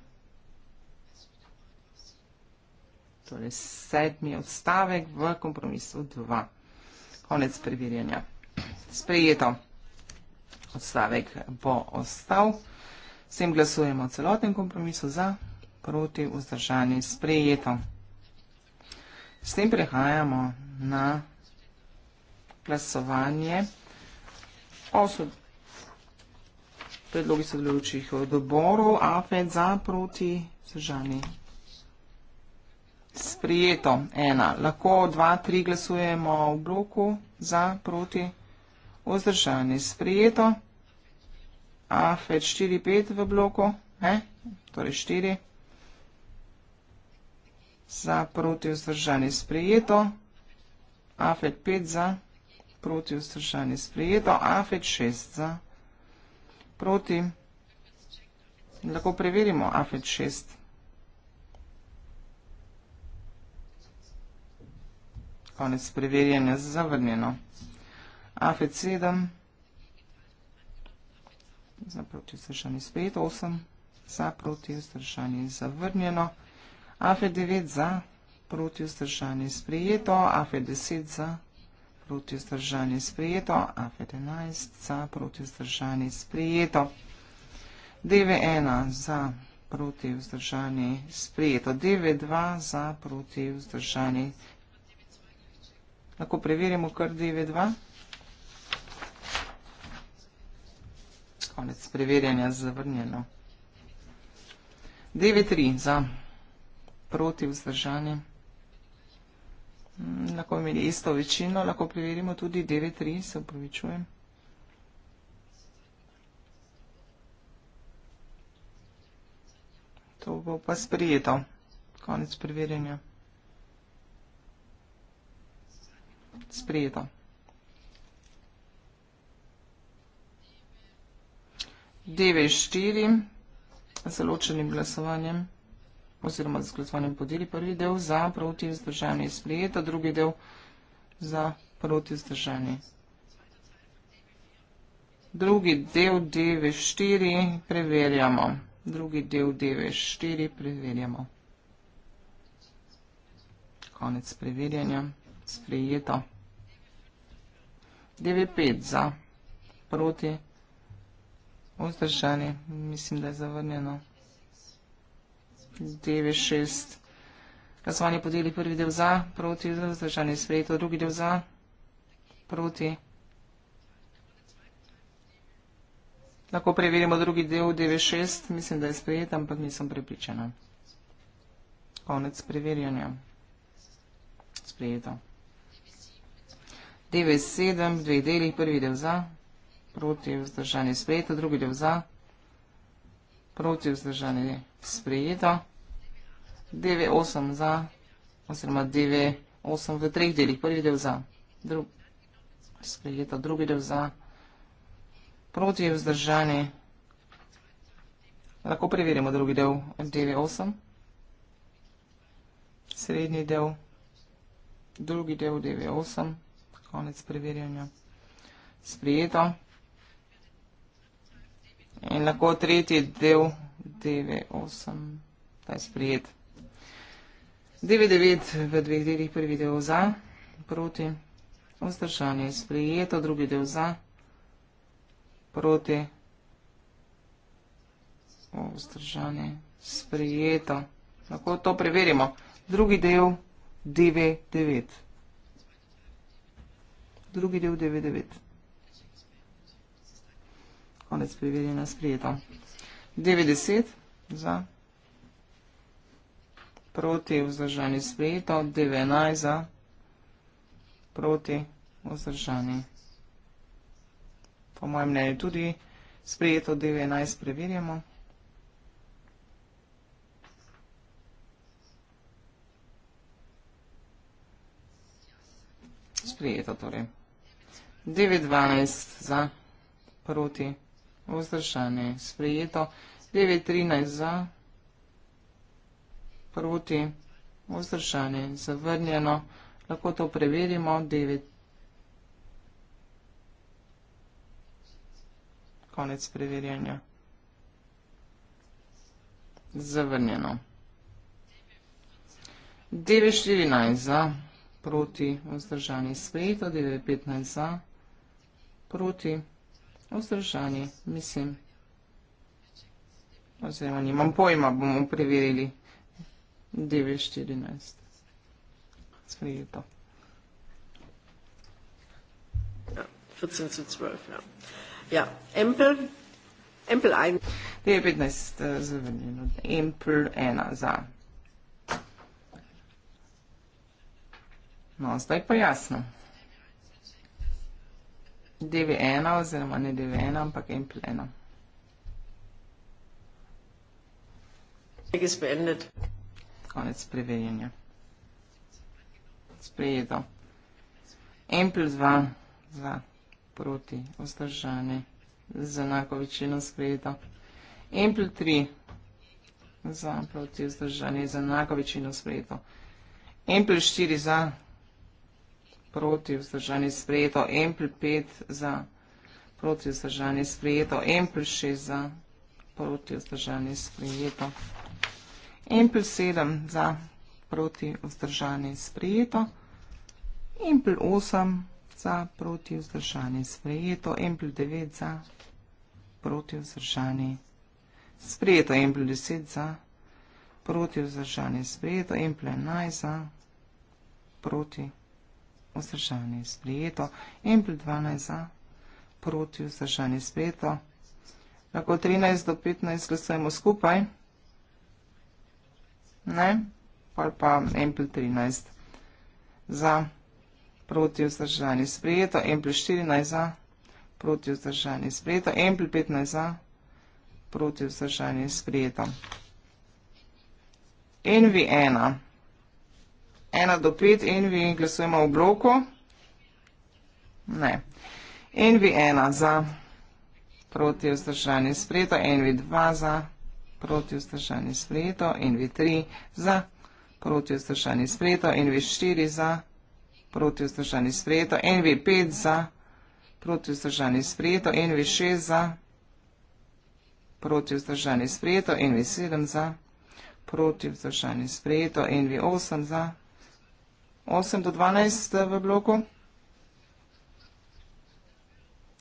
Torej, sedmi odstavek v kompromisu 2. Konec preverjanja. Sprejeto odstavek bo ostal. Vsem glasujemo celotnem kompromisu za odstavek proti vzdržani sprejeto. S tem prehajamo na glasovanje o predlogi sodelujočih odborov AFED za proti vzdržani sprejeto. Ena. Lahko dva, tri glasujemo v bloku za proti vzdržani sprejeto. AFED 4, 5 v bloku. Ne? Torej 4 za, proti vzdržani sprejeto, afet 5 za, proti vzdržani sprejeto, afet 6 za, proti, lahko preverimo afet 6. Konec preverjanja zavrnjeno. Afet 7, za proti vzdržani sprejeto, 8 za, proti vzdržani zavrnjeno, AF9 za, proti vzdržanje sprijeto, AF10 za, proti vzdržanje sprijeto, AF11 za, proti vzdržanje sprijeto, DV1 za, proti vzdržanje sprijeto, DV2 za, proti vzdržanje sprijeto. Lahko preverimo kar DV2. Konec preverjanja zavrnjeno. DV3 za proti vzdržani. Mm, lahko imeli isto večino, lahko preverimo tudi 9-3, se upravičujem. To bo pa sprijeto, konec preverjenja. Sprijeto. 9-4, zeločenim glasovanjem. 9-4 oziroma z glasovanjem podeli prvi del za proti vzdržanje sprejeta, drugi del za proti vzdržanje. Drugi del DV4 preverjamo. Drugi del DV4 preverjamo. Konec preverjanja. Sprejeto. DV5 za proti vzdržanje. Mislim, da je zavrnjeno. 9, 6. Glasovanje podeli prvi del za, proti, vzdržanje sprejeto, drugi del za, proti. Lahko preverimo drugi del 9, 6. Mislim, da je sprejet, ampak nisem prepričana. Konec preverjanja. Sprejeto. 9, 7, dve deli, prvi del za, proti, vzdržanje sprejeto, drugi del za. Proti vzdržanje je sprejeto. DV8 za, oziroma DV8 v treh delih. Prvi del za, drug, sprejeta, drugi del za, proti je vzdržanje. Lahko preverimo drugi del DV8. Srednji del, drugi del DV8, konec preverjanja. Sprijeto. In lahko tretji del DV8, taj sprijeto. 99 v dveh delih, prvi del za, proti, vzdržanje je sprijeto, drugi del za, proti, vzdržanje je sprijeto. Lahko to preverimo. Drugi del 99. Drugi del 99. Konec preverjena sprijeto. 90 za, proti vzdržani spleto, 19 za proti vzdržani. Po mojem mnenju tudi spleto, 19 preverjamo. Sprijeto torej. 9.12 za proti vzdržanje. Sprijeto. 9.13 za proti vzdržanje proti, vzdržani, zavrnjeno. Lahko to preverimo, 9. Konec preverjanja. Zavrnjeno. 9.14 za, proti, vzdržani svetu, 9.15 za, proti, vzdržani, mislim, oziroma nimam pojma, bomo preverili. 9.15. 914. Sprejeto. Ja, 14 zu 12, ja. Ja, Empel, Empel 1. 915 eh, zavrnjeno. Empel 1 za. No, zdaj pa jasno. 9-1 oziroma ne 9-1, ampak 1-1. Nekaj spendet konec preverjanja. Sprejeto. En plus dva, dva proti, vzdržane, z enako večino sprejeto. En plus tri, za proti, vzdržane, z enako večino sprejeto. En plus štiri, za proti, vzdržane, sprejeto. En plus pet, za proti, vzdržane, sprejeto. En plus šest, za proti, vzdržane, sprejeto. En plus sedem za proti vzdržanje sprejeto. En plus osem za proti vzdržanje sprejeto. En plus devet za proti vzdržanje sprejeto. En plus deset za proti vzdržanje sprejeto. En plus enajst za proti vzdržanje sprejeto. En plus dvanajst za proti vzdržanje sprejeto. Lahko 13 do 15 glasujemo skupaj ne, ali pa Ample 13 za proti vzdržanje sprejeto, Ample 14 za proti vzdržanje sprejeto, Ample 15 za proti vzdržanje sprejeto. NV1, 1 do 5, NV glasujemo v bloku, ne, NV1 za proti vzdržanje sprejeto, NV2 za proti vzdržanje sprejeto, proti vzdržanje sprejeto in vi tri za proti vzdržanje sprejeto in vi štiri za proti vzdržanje sprejeto in vi pet za proti vzdržanje sprejeto in vi šest za proti vzdržanje sprejeto in vi sedem za proti vzdržanje sprejeto in vi osem za 8 do 12 v bloku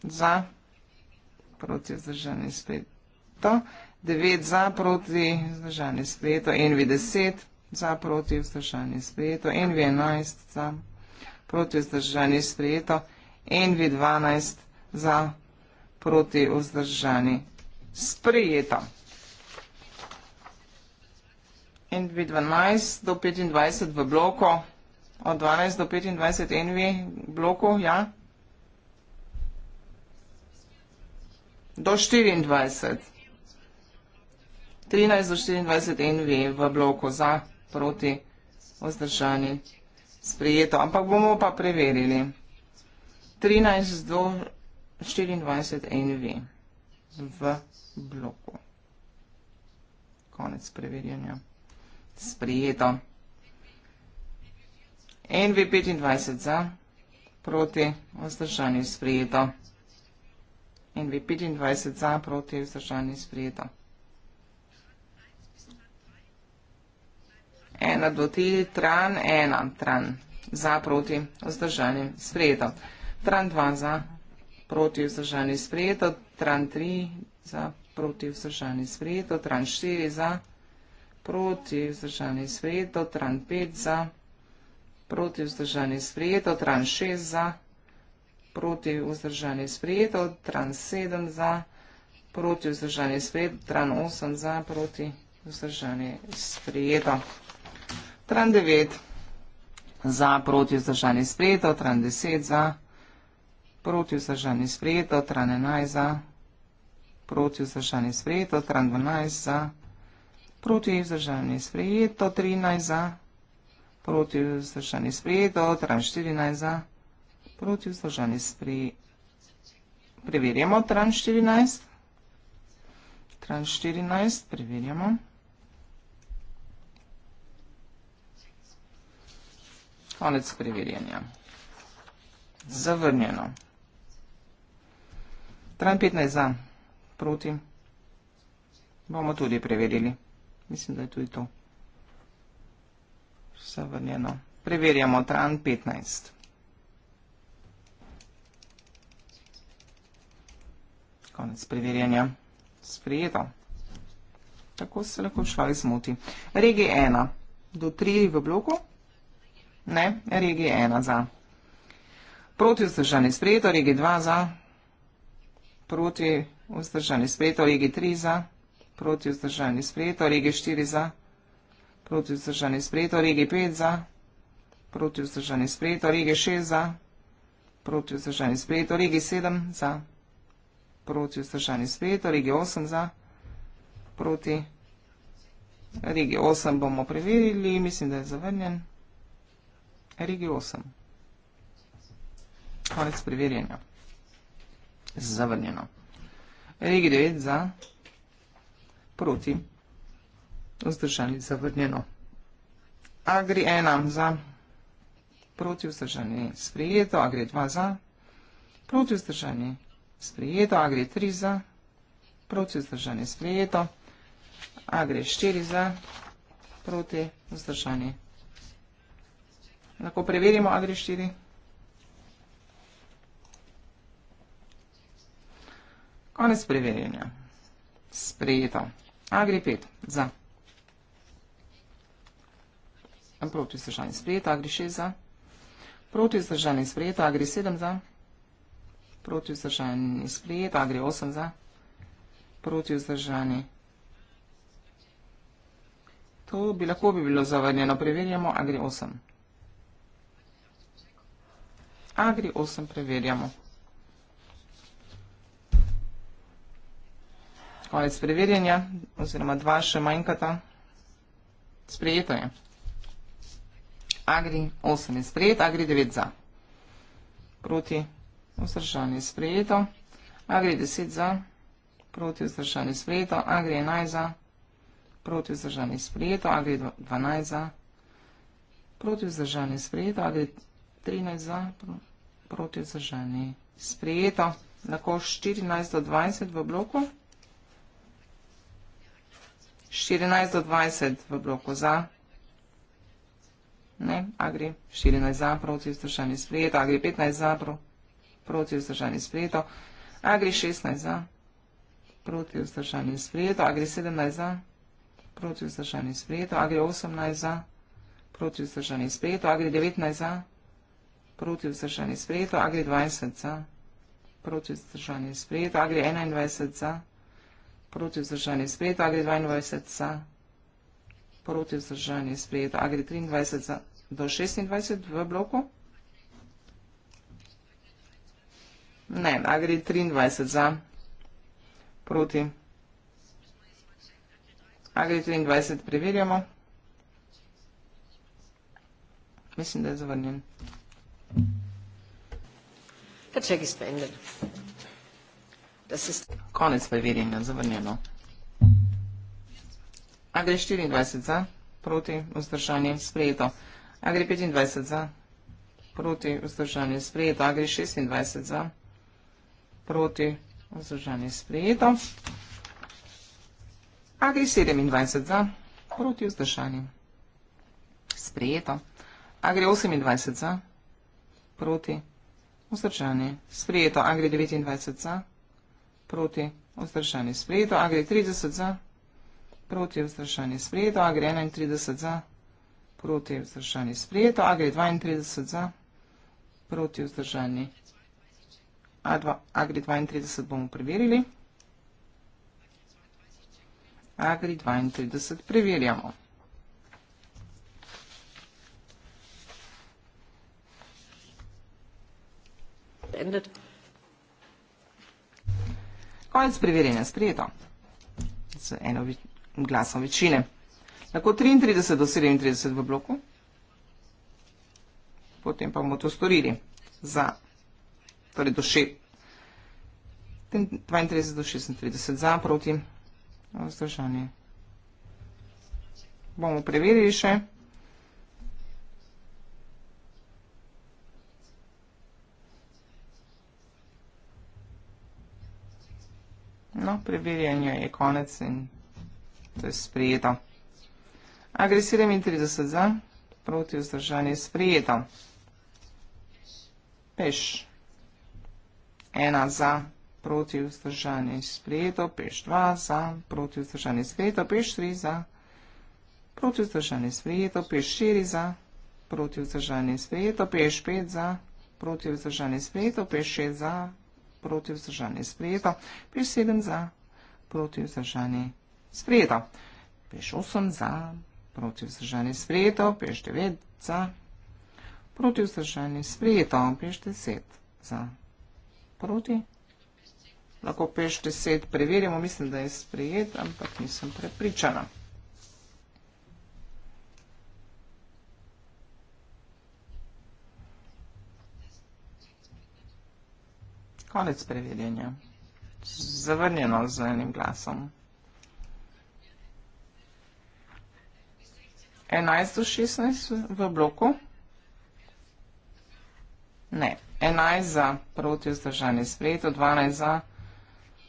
za proti vzdržanje sprejeto 9 za proti, vzdržanje sprejeto, NV10 za proti, vzdržanje sprejeto, NV11 za proti, vzdržanje sprejeto, NV12 za proti, vzdržanje sprejeto. NV12 do 25 v bloku, od 12 do 25 NV bloku, ja? Do 24. 24. 13 do 24 NV v bloku za, proti, vzdržani, sprijeto. Ampak bomo pa preverili. 13 do 24 NV v bloku. Konec preverjanja. Sprijeto. NV 25 za, proti, vzdržani, sprijeto. NV 25 za, proti, vzdržani, sprijeto. 1, 2, 3, tran, 1, tran, za, proti, vzdržanje, sprejeto. Tran 2, za, proti, vzdržanje, sprejeto. Tran 3, za, proti, vzdržanje, sprejeto. Tran 4, za, proti, vzdržanje, sprejeto. Tran 5, za, proti, vzdržanje, sprejeto. Tran 6, za, proti, vzdržanje, sprejeto. Tran 7, za, proti, vzdržanje, sprejeto. Tran 8, za, proti, vzdržanje, sprejeto. Tran 9 za, proti vzdržanje sprejeto, tran 10 za, proti vzdržanje sprejeto, tran 11 za, proti vzdržanje sprejeto, tran 12 za, proti vzdržanje sprejeto, 13 za, proti vzdržanje sprejeto, tran 14 za, proti vzdržanje sprejeto. Preverjamo tran 14. Tran 14, preverjamo. Tran 14. Konec preverjanja. Zavrnjeno. Tran 15 za, proti. Bomo tudi preverili. Mislim, da je tudi to. Zavrnjeno. Preverjamo tran 15. Konec preverjanja. Sprejeto. Tako se lahko človek zmoti. Regi 1. Do 3 v bloku. Ne, regij ena za. Proti vzdržani sprejeto, regij dva za. Proti vzdržani sprejeto, regij tri za. Proti vzdržani sprejeto, regij štiri za. Proti vzdržani sprejeto, regij pet za. Proti vzdržani sprejeto, regij šest za. Proti vzdržani sprejeto, regij sedem za. Proti vzdržani sprejeto, regij osem za. Proti regij osem bomo preverili, mislim, da je zavrnjen religiosem. Konec preverjanja. Zavrnjeno. Regi 9 za, proti, vzdržani zavrnjeno. Agri 1 za, proti vzdržani sprijeto, agri 2 za, proti vzdržani sprijeto, agri 3 za, proti vzdržani sprijeto, agri 4 za, proti vzdržani sprijeto. Lahko preverimo, ali gre štiri. Konec preverjenja. Sprejeto. A gre pet. Za. Proti vzdržanje sprejeto, a gre šest za. Proti vzdržanje sprejeto, a gre sedem za. Proti vzdržanje sprejeto, a gre osem za. Proti vzdržanje. To bi lahko bi bilo zavrnjeno. Preverjamo, a gre osem. Agri 8 preverjamo. Konec preverjanja, oziroma dva še manjkata. Sprejeto je. Agri 8 je sprejet, Agri 9 za. Proti vzdržanje je sprejeto. Agri 10 za, proti vzdržanje je sprejeto. Agri 11 za, proti vzdržanje je sprejeto. Agri 12 za, proti vzdržanje je sprejeto. Agri 13 za, proti vzdržanje je sprejeto proti zaženi. Sprijeto, lahko 14 do 20 v bloku. 14 do 20 v bloku za. Ne, agri 14 za, proti vzdržani sprejeto, agri 15 za, pro, proti vzdržani sprejeto, agri 16 za, proti vzdržani sprejeto, agri 17 za, proti vzdržani sprejeto, agri 18 za, proti vzdržani sprejeto, agri 19 za, proti proti vzdržanje sprejeto, agri 20 za, proti vzdržanje sprejeto, agri 21 za, proti vzdržanje sprejeto, agri 22 za, proti vzdržanje sprejeto, agri 23 za, do 26 v bloku. Ne, agri 23 za, proti. Agri 23 preverjamo. Mislim, da je zavrnjen. Herr Czech ist beendet. Das ist konec preverjanja, zavrnjeno. A gre 24 za, proti, vzdržanje, sprejeto. A gre 25 za, proti, vzdržanje, sprejeto. A gre 26 za, proti, vzdržanje, sprejeto. A gre 27 za, proti, vzdržanje, sprejeto. A gre 28 za, proti, vzdržanje, sprejeto vzdržani. Sprijeto agri 29 za, proti vzdržani. Sprijeto agri 30 za, proti vzdržani. Sprijeto agri 31 za, proti vzdržani. Sprijeto agri 32 za, proti vzdržani. Agri 32 bomo preverili. Agri 32 preverjamo. Agri 32 preverjamo. beendet. Konec preverjanja sprejeto. Z eno glasom večine. Tako 33 do 37 v bloku. Potem pa bomo to storili za, torej do še, 32 do 36 za, proti, vzdržanje. Bomo preverili še. No, preverjanje je konec in to je sprejeto. Agri 37 za, proti vzdržanje je sprejeto. Peš. Ena za, proti vzdržanje je sprejeto. Peš dva za, proti vzdržanje je sprejeto. Peš tri za, proti vzdržanje je sprejeto. Peš štiri za, proti vzdržanje je sprejeto. Peš pet za, proti vzdržanje je sprejeto. Peš šest za, proti vzdržanje sprejeto, pri 7 za proti vzdržanje sprejeto, pri 8 za proti vzdržanje sprejeto, pri 9 za proti vzdržanje sprejeto, pri 10 za proti. Lahko pri 10 preverjamo, mislim, da je sprejet, ampak nisem prepričana. Konec preverjanja. Zavrnjeno z enim glasom. 11 do 16 v bloku? Ne. 11 za proti vzdržanje sprejeto, 12 za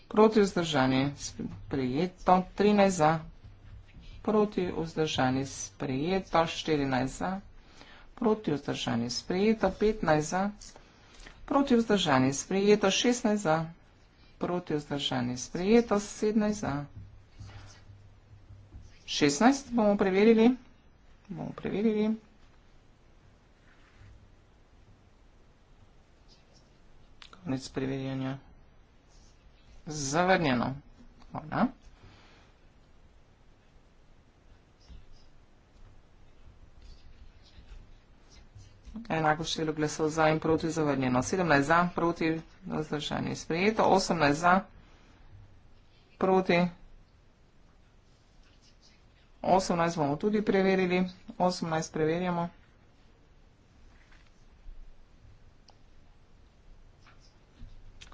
proti vzdržanje sprejeto, 13 za proti vzdržanje sprejeto, 14 za proti vzdržanje sprejeto, 15 za sprejeto. Proti vzdržani je sprejeto 16 za. Proti vzdržani je sprejeto 17 za. 16 bomo preverili. Bomo preverili. Konec preverjanja. Zavrnjeno. Hvala. enako število glasov za in proti zavrnjeno. 17 za, proti, vzdržanje sprejeto, 18 za, proti, 18 bomo tudi preverili, 18 preverjamo.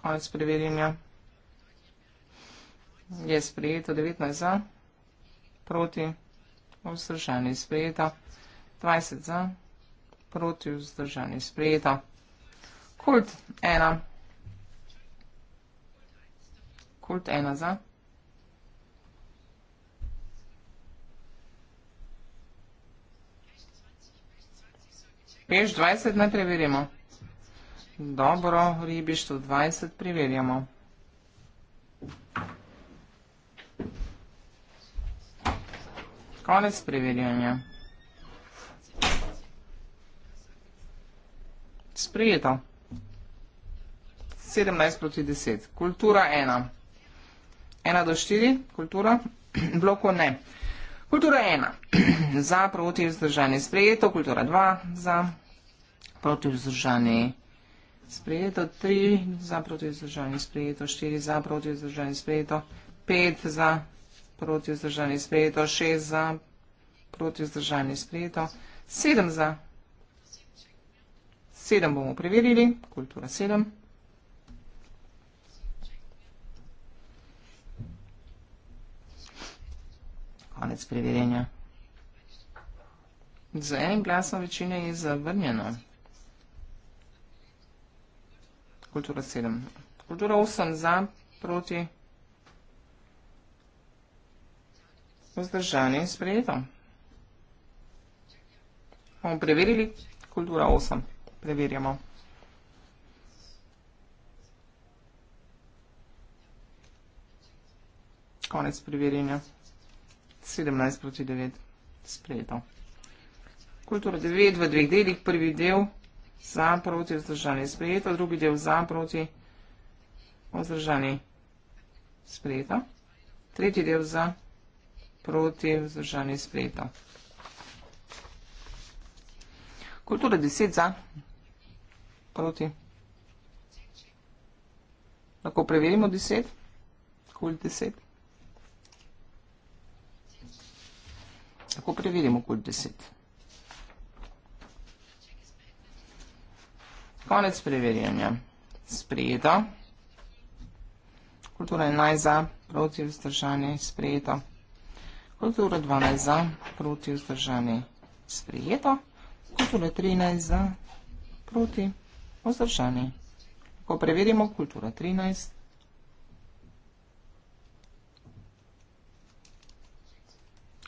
Konec preverjenja. Je sprejeto 19 za, proti, vzdržanje sprejeto, 20 za, proti, proti vzdržanje sprejeta. Kult ena. Kult ena za. Peš 20 ne preverimo. Dobro, ribištvo 20 preverjamo. Konec preverjanja. sprejeta. 17 proti 10. Kultura 1. 1 do 4. Kultura. Bloko ne. Kultura 1. za proti vzdržanje sprejeto. Kultura 2. Za proti vzdržanje sprejeto. 3. Za proti vzdržanje sprejeto. 4. Za proti vzdržanje sprejeto. 5. Za proti vzdržanje sprejeto. 6. Za proti vzdržanje sprejeto. 7. Za Sedem bomo preverili, kultura sedem. Konec preverjenja. Z enim glasom večine je zavrnjeno. Kultura sedem. Kultura osem za, proti. Vzdržanje in sprejeto. Bomo preverili, kultura osem preverjamo. Konec preverjenja. 17 proti 9. Sprejeto. Kultura 9 v dveh delih. Prvi del za proti vzdržanje sprejeto, drugi del za proti vzdržanje sprejeto, tretji del za proti vzdržanje sprejeto. Kultura 10 za proti. Lahko preverimo 10, kul 10. Lahko preverimo kul 10. Konec preverjanja. Sprejeto. Kultura 11 za, proti vzdržanje, sprejeto. Kultura 12 za, proti vzdržanje, sprejeto. Kultura 13 za, proti vzdržanje vzdržani. Ko preverimo kultura 13,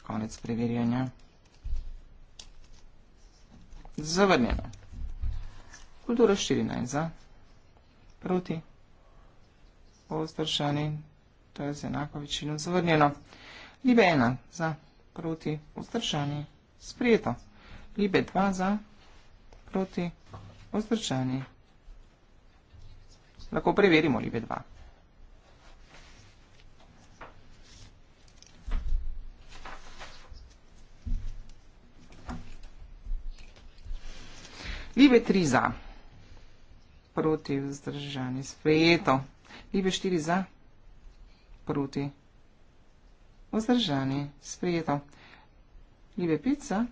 konec preverjanja, zavrnjeno. Kultura 14, za, proti, vzdržani, to je z enako večino zavrnjeno. Libe 1, za, proti, vzdržani, sprijeto. Libe 2, za, proti, vzdržani vzdržani. Lahko preverimo libe dva. Libe tri za. Proti vzdržani. Sprejeto. Libe štiri za. Proti vzdržani. Sprejeto. Libe pet za.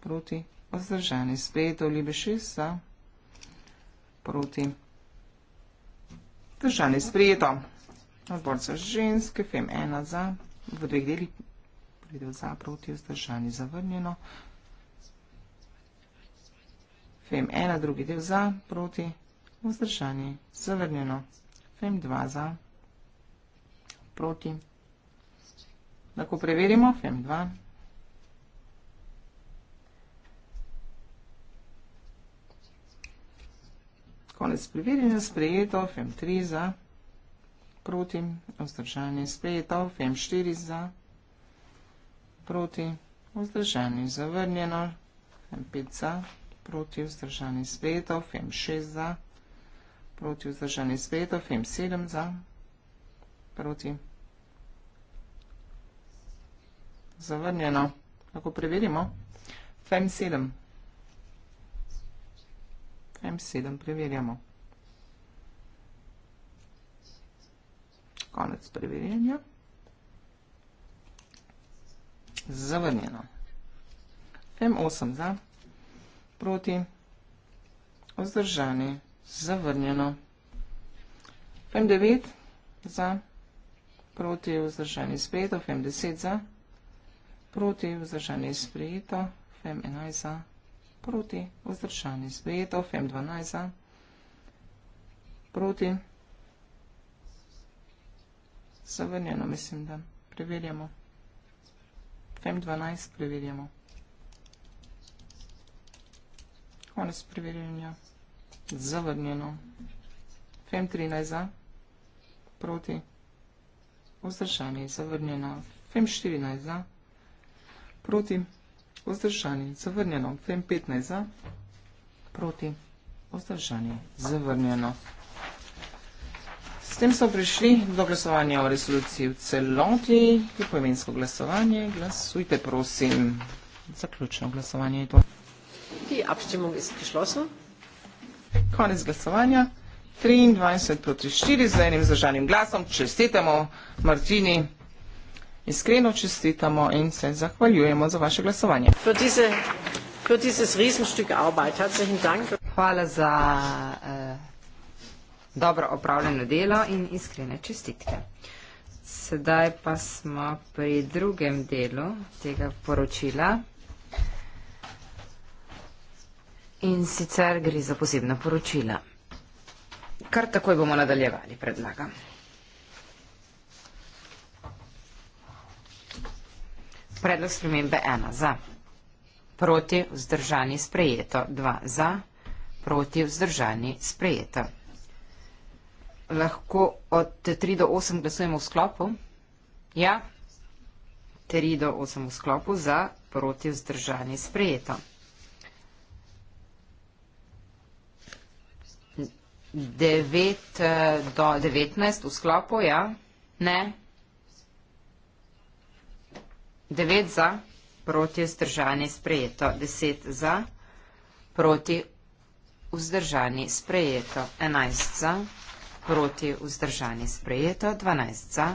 Proti vzdržani. Sprejeto. Libe šest za. Proti vzdržani proti. Držanje sprejeto. Odbor za ženske, FEM 1 za, v dveh delih, predel za, proti, vzdržanje zavrnjeno. FEM 1, drugi del za, proti, vzdržanje zavrnjeno. FEM 2 za, proti. Lahko preverimo, FEM 2. Konec preverjanja sprejeto, FM3 za, proti, vzdržanje sprejeto, FM4 za, proti, vzdržanje zavrnjeno, FM5 za, proti, vzdržanje sprejeto, FM6 za, proti, vzdržanje sprejeto, FM7 za, proti, zavrnjeno. Lahko preverimo? FM7 za. M7 preverjamo. Konec preverjanja. Zavrnjeno. M8 za, proti, vzdržani, zavrnjeno. M9 za, proti, vzdržani, sprejeto. M10 za, proti, vzdržani, sprejeto. M11 za, proti. Proti, vzdržani, sprejeto, FEM 12 za. Proti, zavrnjeno, mislim, da preverjamo. FEM 12 preverjamo. Konec preverjanja, zavrnjeno. FEM 13 za. Proti, vzdržani, zavrnjeno. FEM 14 za. Proti, vzdržani vzdržani, zavrnjeno, potem 15 za, proti, vzdržani, zavrnjeno. S tem smo prišli do glasovanja o resoluciji v celoti, je poimensko glasovanje, glasujte prosim. Zaključno glasovanje je to. Ti abstimung iz prišlosno. Konec glasovanja. 23 proti 4 z enim zažanim glasom. Čestitamo Martini iskreno čestitamo in se zahvaljujemo za vaše glasovanje. Hvala za eh, dobro opravljeno delo in iskrene čestitke. Sedaj pa smo pri drugem delu tega poročila. In sicer gre za posebna poročila. Kar takoj bomo nadaljevali, predlagam. Predlog spremembe ena za. Proti vzdržani sprejeto. Dva za. Proti vzdržani sprejeto. Lahko od 3 do 8 glasujemo v sklopu. Ja. 3 do 8 v sklopu za. Proti vzdržani sprejeto. Devet eh, do devetnaest v sklopu, ja? Ne? 9 za, proti vzdržani sprejeto, 10 za, proti vzdržani sprejeto, 11 za, proti vzdržani sprejeto, 12 za,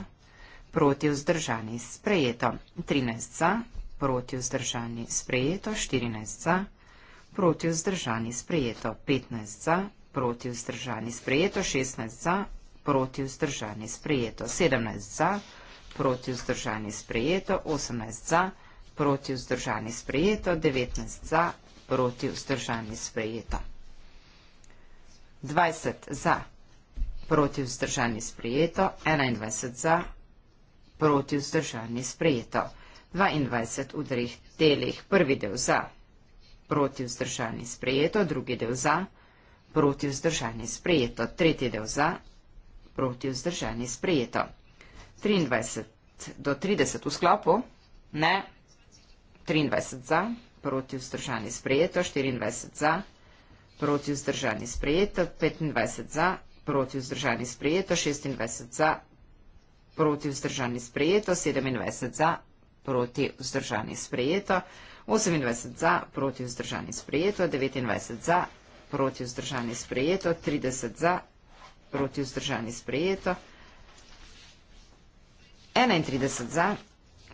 proti vzdržani sprejeto, 13 za, proti vzdržani sprejeto, 14 za, proti vzdržani sprejeto, 15 za, proti vzdržani sprejeto, 16 za, proti vzdržani sprejeto, 17 za, proti vzdržani sprejeto, 18 za, proti vzdržani sprejeto, 19 za, proti vzdržani sprejeto, 20 za, proti vzdržani sprejeto, 21 za, proti vzdržani sprejeto, 22 za, proti vzdržani sprejeto, 23 za, proti vzdržani sprejeto, 24 za, proti vzdržani sprejeto, 25 za, proti vzdržani sprejeto, 26 za, proti vzdržani sprejeto, 27 za, proti vzdržani sprejeto, 28 za, proti vzdržani sprejeto, 29 za, proti vzdržani sprejeto, 30 za, proti vzdržani sprejeto, 31 za, proti vzdržani sprejeto, 32 za, proti vzdržani sprejeto, 33 za, proti vzdržani sprejeto, 34 za, proti vzdržani sprejeto, 35 za, proti vzdržani sprejeto, 36 za, proti vzdržani s proti vzdržani sprejeto, 18 za, proti vzdržani sprejeto, 19 za, proti vzdržani sprejeto. 20 za, proti vzdržani sprejeto, 21 za, proti vzdržani sprejeto. 22 v dreh delih, prvi del za, proti vzdržani sprejeto, drugi del za, proti vzdržani sprejeto, tretji del za, proti vzdržani sprejeto. 23 do 30 v sklopu, ne, 23 za, proti vzdržani sprejeto, 24 za, proti vzdržani sprejeto, 25 za, proti vzdržani sprejeto, 26 za, proti vzdržani sprejeto, 27 za, proti vzdržani sprejeto, 28 za, proti vzdržani sprejeto, 29 za, proti vzdržani sprejeto, 30 za, proti vzdržani sprejeto, 30 za, 31 za,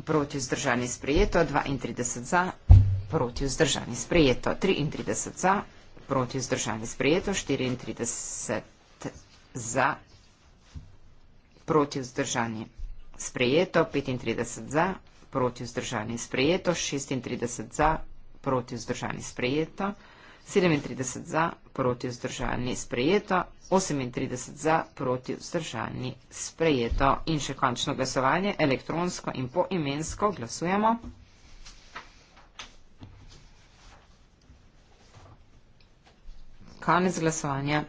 proti vzdržani sprejeto, 32 za, proti vzdržani sprejeto, 33 za, proti vzdržani sprejeto, 34 za, proti vzdržani sprejeto, 35 za, proti vzdržani sprejeto, 36 za, proti vzdržani sprejeto, 37 za, proti vzdržani sprejeto, 38 za, proti vzdržani sprejeto. In še končno glasovanje, elektronsko in poimensko glasujemo. Konec glasovanja.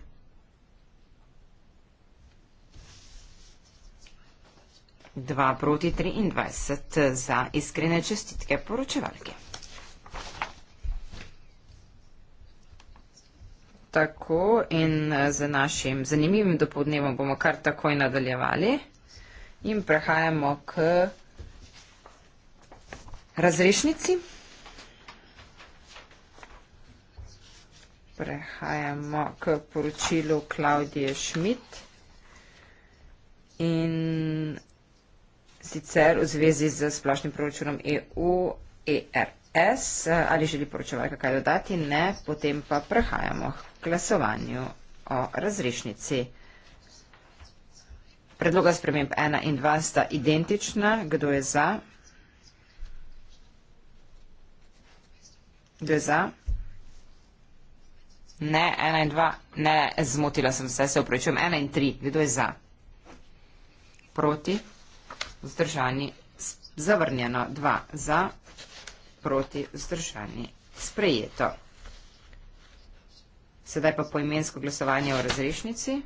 Dva proti 23 za iskrene čestitke poročevalke. Tako in eh, z našim zanimivim dopolnevom bomo kar takoj nadaljevali in prehajamo k razrešnici. Prehajamo k poročilu Klaudije Šmit in sicer v zvezi z splošnim proračunom EU ERP. S. Eh, ali želi poročevalka kaj dodati? Ne. Potem pa prehajamo k glasovanju o razrešnici. Predloga sprememb 1 in 2 sta identična. Kdo je za? Kdo je za? Ne, 1 in 2. Ne, zmotila sem se, se upravičujem. 1 in 3. Kdo je za? Proti? Vzdržani? Zavrnjeno. 2 za proti vzdržani sprejeto. Sedaj pa poimensko glasovanje o razrešnici.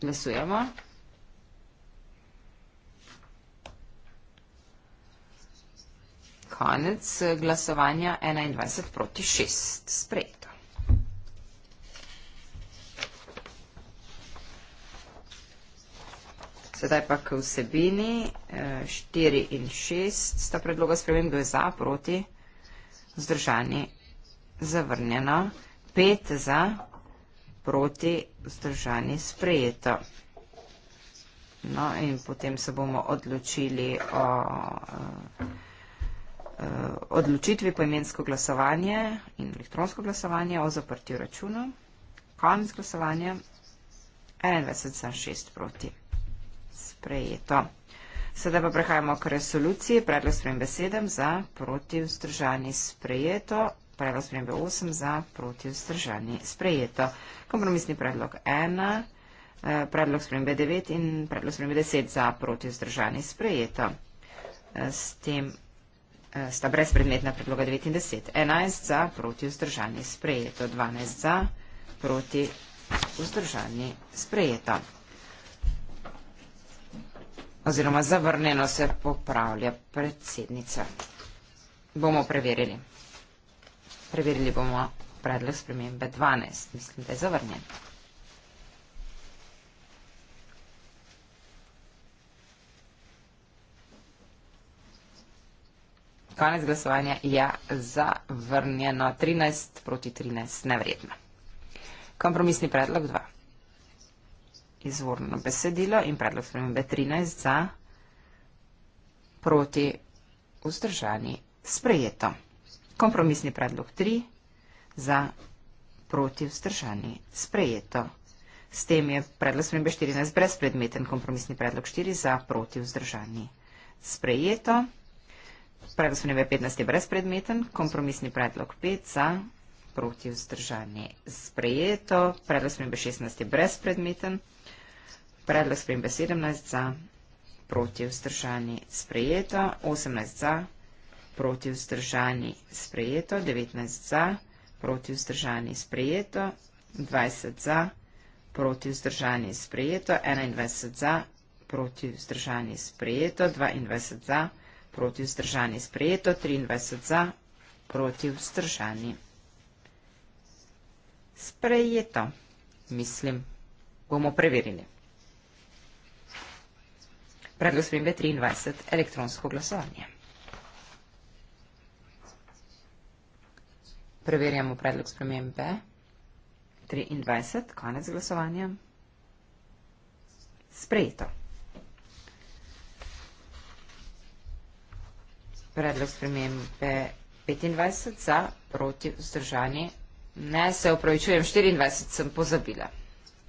Glasujemo. Konec eh, glasovanja 21 proti 6 sprejeto. Sedaj pa k vsebini 4 e, in 6 sta predloga spremem, kdo je za, proti, vzdržani, zavrnjeno, 5 za, proti, vzdržani, sprejeto. No in potem se bomo odločili o e, e, odločitvi poimensko glasovanje in elektronsko glasovanje o zaprtju računa. Konec glasovanja 21.6 proti sprejeto. Sedaj pa prehajamo k resoluciji, predlog sprem besedem za proti vzdržani sprejeto, predlog sprem 8 za proti vzdržani sprejeto. Kompromisni predlog 1, eh, predlog sprem 9 in predlog sprem 10 za proti vzdržani sprejeto. Eh, s tem eh, sta brezpredmetna predloga 9 in 10. 11 za proti vzdržani sprejeto, 12 za proti vzdržani sprejeto oziroma zavrnjeno se popravlja predsednica. Bomo preverili. Preverili bomo predlog spremembe 12. Mislim, da je zavrnjen. Konec glasovanja je ja, zavrnjeno 13 proti 13, nevredno. Kompromisni predlog 2 izvorno besedilo in predlog spremembe 13 za, proti, vzdržani, sprejeto. Kompromisni predlog 3 za, proti, vzdržani, sprejeto. S tem je predlog spremembe 14 brezpredmeten, kompromisni predlog 4 za, proti, vzdržani, sprejeto. Predlog spremembe 15 je brezpredmeten, kompromisni predlog 5 za, proti, vzdržani, sprejeto. Predlog spremembe 16 je brezpredmeten. Predlog spremembe 17 za, proti vzdržani sprejeto, 18 za, proti vzdržani sprejeto, 19 za, proti vzdržani sprejeto, 20 za, proti vzdržani sprejeto, 21 za, proti vzdržani sprejeto, 22 za, proti vzdržani sprejeto, 23 za, proti vzdržani sprejeto. Mislim, bomo preverili. Preglasujem 23 elektronsko glasovanje. Preverjamo predlog spremembe. 23, konec glasovanja. Sprejeto. Predlog spremembe 25 za proti vzdržanje. Ne, se opravičujem, 24 sem pozabila.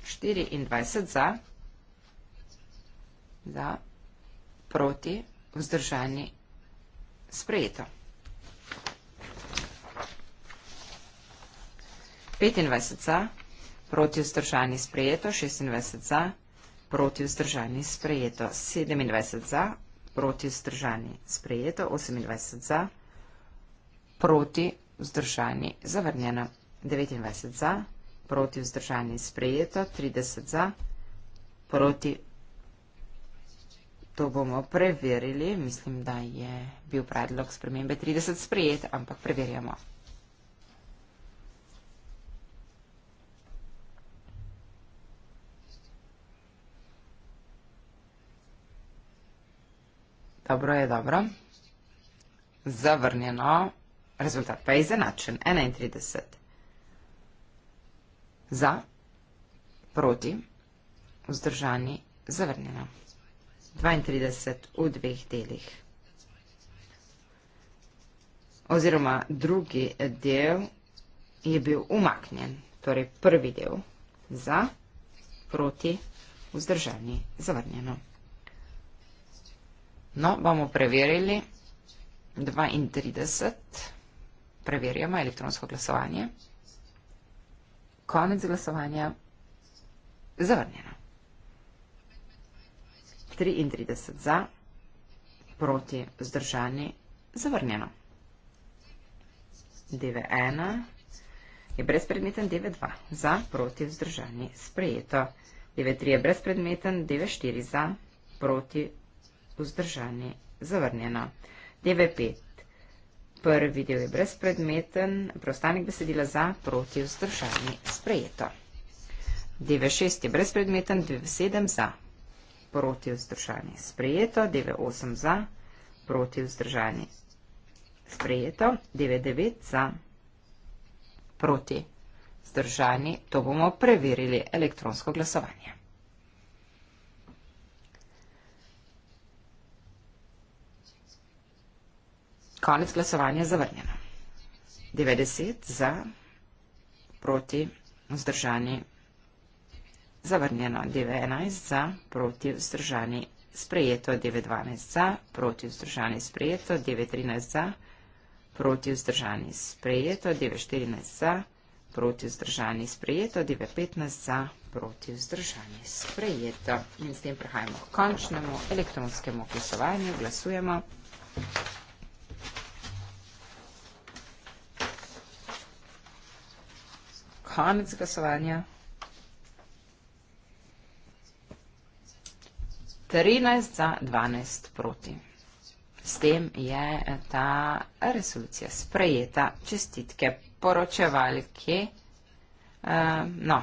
24 za. Za proti, vzdržani, sprejeto. 25 za, proti vzdržani sprejeto, 26 za, proti vzdržani sprejeto, 27 za, proti vzdržani sprejeto, 28 za, proti vzdržani zavrnjeno, 29 za, proti vzdržani sprejeto, 30 za, proti vzdržani sprejeto. To bomo preverili. Mislim, da je bil predlog spremembe 30 sprejet, ampak preverjamo. Dobro je, dobro. Zavrnjeno. Rezultat pa je izenačen. 31. Za, proti, vzdržani, zavrnjeno. 32 v dveh delih. Oziroma drugi del je bil umaknjen, torej prvi del za, proti, vzdržani, zavrnjeno. No, bomo preverili 32, preverjamo elektronsko glasovanje, konec glasovanja, zavrnjeno. 33 za, proti zdržani, zavrnjeno. DV1 je brezpredmeten, DV2 za, proti vzdržani, sprejeto. DV3 je brezpredmeten, DV4 za, proti vzdržani, zavrnjeno. DV5, prvi del je brezpredmeten, preostanek besedila za, proti vzdržani, sprejeto. DV6 je brezpredmeten, DV7 za, proti vzdržani sprejeto, DV8 za, proti vzdržani sprejeto, DV9 za, proti vzdržani. To bomo preverili elektronsko glasovanje. Konec glasovanja zavrnjeno. 90 za, proti vzdržani sprejeto zavrnjeno 19 za, proti vzdržani sprejeto 912 za, proti vzdržani sprejeto 913 za, proti vzdržani sprejeto 914 za, proti vzdržani sprejeto 915 za, proti vzdržani sprejeto. In s tem prehajamo k končnemu elektronskemu glasovanju. Glasujemo. Konec glasovanja. 13 za 12 proti. S tem je ta resolucija sprejeta. Čestitke poročevalke. Eh, no,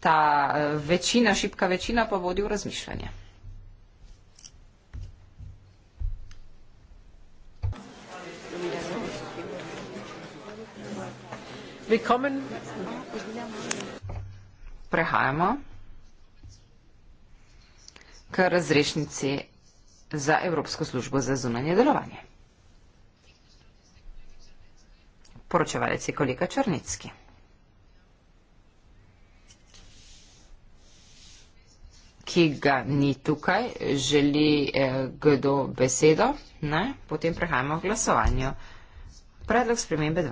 ta eh, večina, šipka večina pa vodi v razmišljanje. Prehajamo k razrešnici za Evropsko službo za zunanje delovanje. Poročevalec je kolega Črnicki. ki ga ni tukaj, želi eh, kdo besedo, ne? potem prehajamo v glasovanju. Predlog spremembe 2.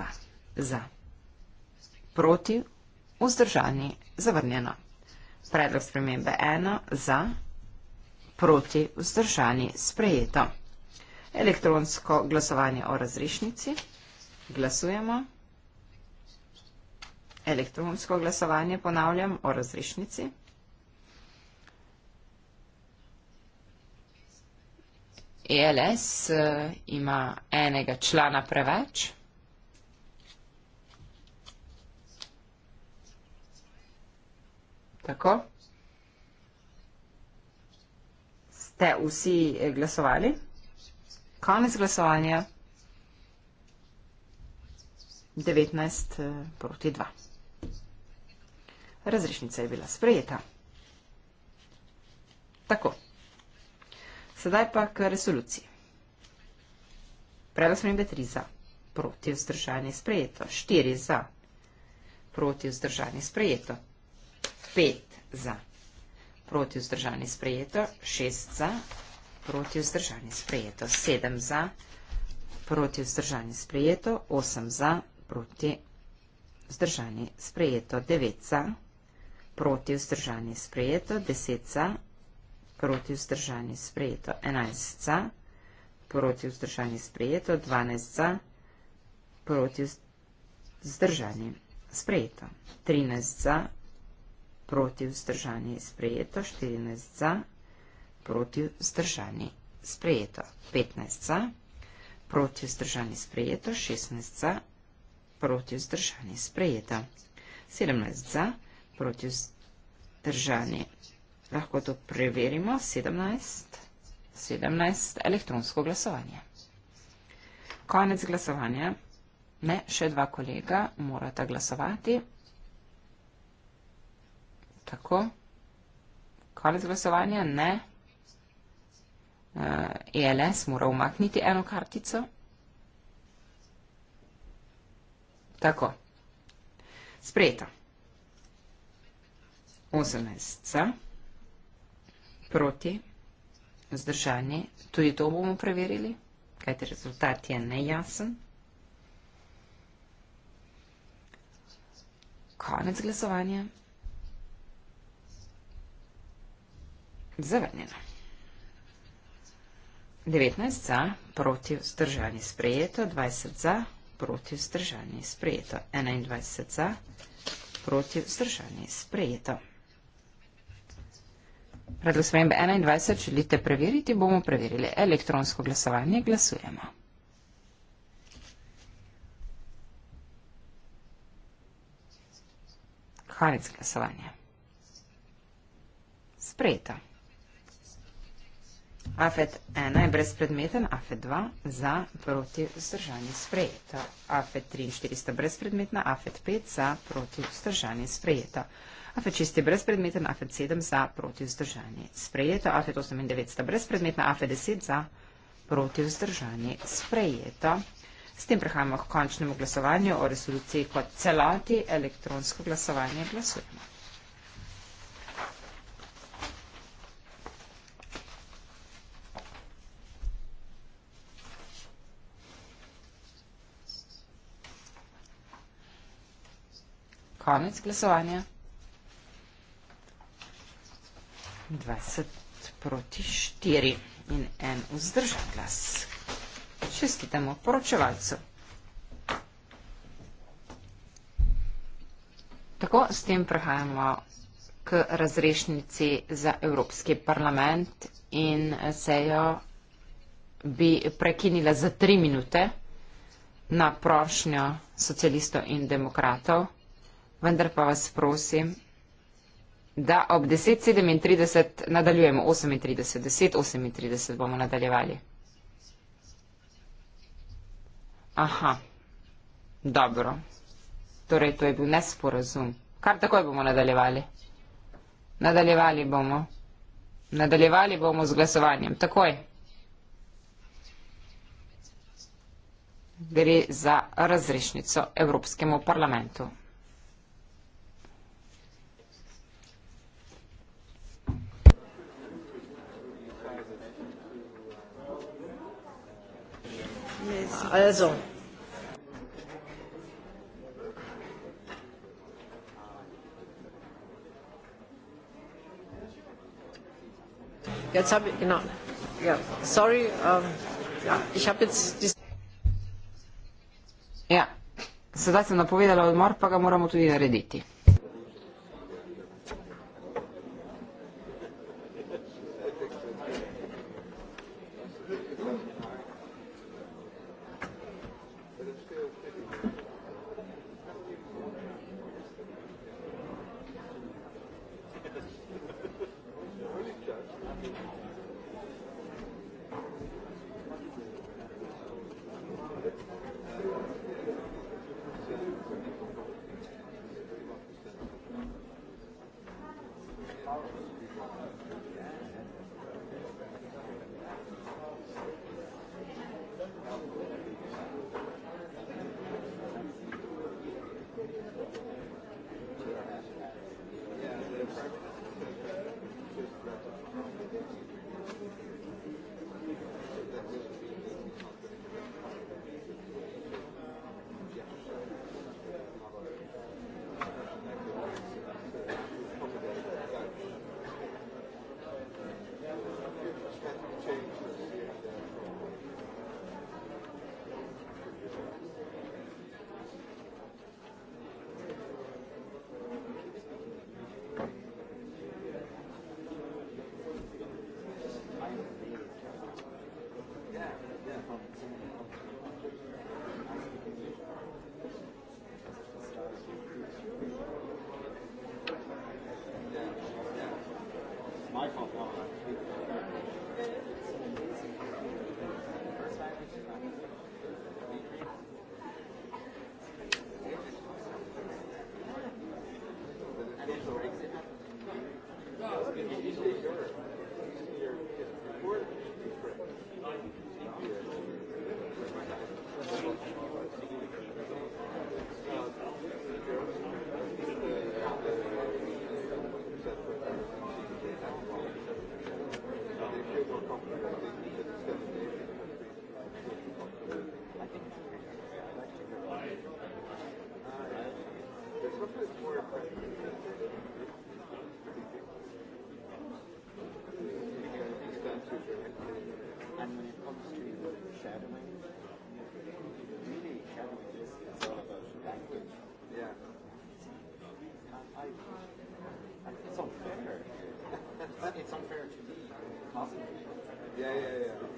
Za. Proti. Vzdržani. Zavrnjeno. Predlog spremembe 1. Za proti vzdržani sprejeto. Elektronsko glasovanje o razrešnici. Glasujemo. Elektronsko glasovanje ponavljam o razrešnici. ELS eh, ima enega člana preveč. Tako. ste vsi eh, glasovali? Konec glasovanja. 19 eh, proti 2. Razrešnica je bila sprejeta. Tako. Sedaj pa k resoluciji. Predlog smo imeli 3 za, proti vzdržanje sprejeto. 4 za, proti vzdržanje sprejeto. 5 za proti vzdržani sprejeto, 6 za, proti vzdržani sprejeto, 7 za, proti vzdržani sprejeto, 8 za, proti vzdržani sprejeto, 9 za, proti vzdržani sprejeto, 10 za, proti vzdržani sprejeto, 11 za, proti vzdržani sprejeto, 12 za, proti vzdržani sprejeto, 13 za, proti vzdržani sprejeto, 13 za, Proti vzdržani je sprejeto, 14 za, proti vzdržani sprejeto, 15 za, proti vzdržani sprejeto, 16 za, proti vzdržani sprejeto, 17 za, proti vzdržani. Lahko to preverimo, 17, 17 elektronsko glasovanje. Konec glasovanja. Ne, še dva kolega morata glasovati. Tako. Konec glasovanja? Ne. Uh, eh, ELS mora umakniti eno kartico. Tako. Sprejeto. 18. Proti. Zdržanje. Tudi to bomo preverili, kajti rezultat je nejasen. Konec glasovanja. Zavrnjeno. 19 za, proti vzdržani sprejeto, 20 za, proti vzdržani sprejeto, 21 za, proti vzdržani sprejeto. Predlog spremembe 21 želite preveriti, bomo preverili elektronsko glasovanje, glasujemo. Konec glasovanja. Sprejeto. AFET 1 je brezpredmeten, AFET 2 za, proti, vzdržanje sprejeta. AFET 3 in 4 sta brezpredmetna, AFET 5 za, proti, vzdržanje sprejeta. AFET 6 je brezpredmeten, AFET 7 za, proti, vzdržanje sprejeta. AFET 8 in 9 sta brezpredmetna, AFET 10 za, proti, vzdržanje sprejeta. S tem prehajamo k končnemu glasovanju o resoluciji kot celoti elektronsko glasovanje. Glasujemo. konec glasovanja. 20 proti 4 in en vzdržen glas. Čestitamo poročevalcu. Tako, s tem prehajamo k razrešnici za Evropski parlament in sejo bi prekinila za tri minute na prošnjo socialistov in demokratov vendar pa vas prosim, da ob 10.37 nadaljujemo 8.30, 10.38 bomo nadaljevali. Aha, dobro. Torej, to je bil nesporazum. Kar takoj bomo nadaljevali. Nadaljevali bomo. Nadaljevali bomo z glasovanjem. Takoj. Gre za razrešnico Evropskemu parlamentu. Also. Jetzt habe ich, genau, ja, sorry, ähm, ja, ich habe jetzt die. Ja, sedaj sem napovedala odmor, pa ga moramo tudi narediti.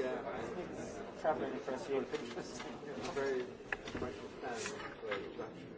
Yeah, I think it's traveling across Europe. It's very much a fan of the production.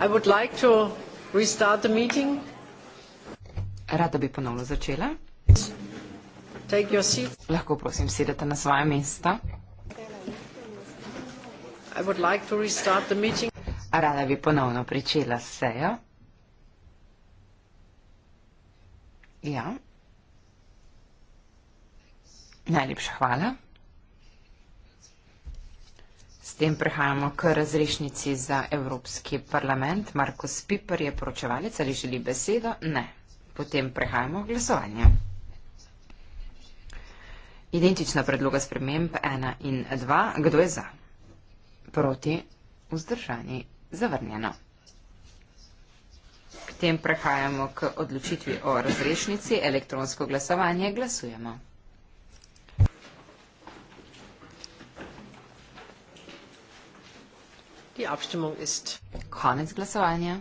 I would like to restart the meeting. Rada bi ponovno začela. Take your seat. Lahko prosim sedete na svoje mesta. I would like to restart the meeting. Rada bi ponovno pričela sejo. Ja. Najlepša hvala. S tem prehajamo k razrešnici za Evropski parlament. Markus Piper je poročevalec, ali želi besedo? Ne. Potem prehajamo v glasovanje. Identična predloga sprememb 1 in 2. Kdo je za? Proti? Vzdržani? Zavrnjeno. K tem prehajamo k odločitvi o razrešnici. Elektronsko glasovanje. Glasujemo. Die Abstimmung ist Konec glasovanja.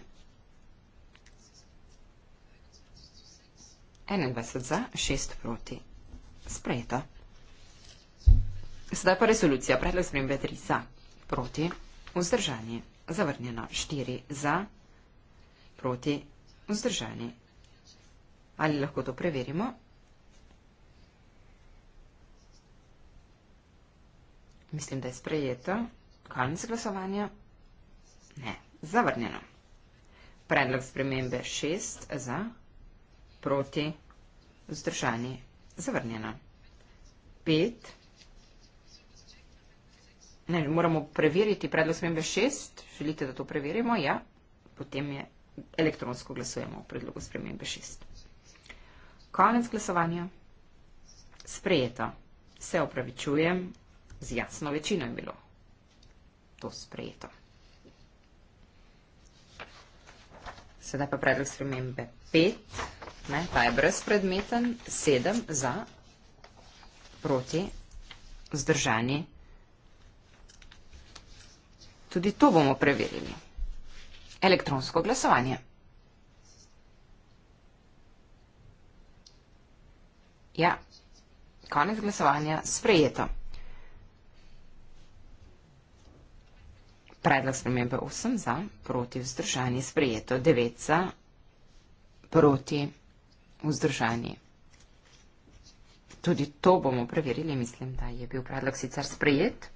21 za, 6 proti. Sprejeto. Sedaj pa resolucija. Predlog spremembe 3 za, proti, vzdržanje. Zavrnjeno. 4 za, proti, vzdržanje. Ali lahko to preverimo? Mislim, da je sprejeto. Konec glasovanja. Ne, zavrnjeno. Predlog spremembe šest za, proti, vzdržani, zavrnjeno. Pet, ne, moramo preveriti predlog spremembe šest, želite, da to preverimo, ja, potem je elektronsko glasujemo v predlogu spremembe šest. Konec glasovanja, sprejeto, se opravičujem, z jasno večino je bilo to sprejeto. Sedaj pa predlog spremembe 5, ne, ta je brezpredmeten, 7 za proti zdržanje. Tudi to bomo preverili. Elektronsko glasovanje. Ja, konec glasovanja sprejeto. Predlog spremembe 8 za, proti vzdržanje, sprejeto 9 za, proti vzdržanje. Tudi to bomo preverili, mislim, da je bil predlog sicer sprejet,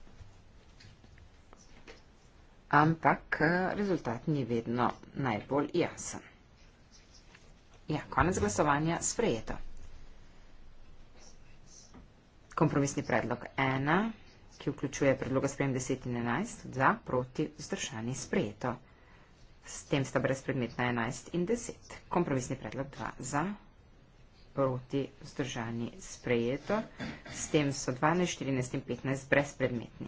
ampak eh, rezultat ni vedno najbolj jasen. Ja, konec glasovanja, sprejeto. Kompromisni predlog 1 ki vključuje predloga sprem 10 in 11, za, proti, vzdržani, sprejeto. S tem sta brezpredmetna 11 in 10. Kompromisni predlog 2 za, proti, vzdržani, sprejeto. S tem so 12, 14 in 15 brezpredmetni.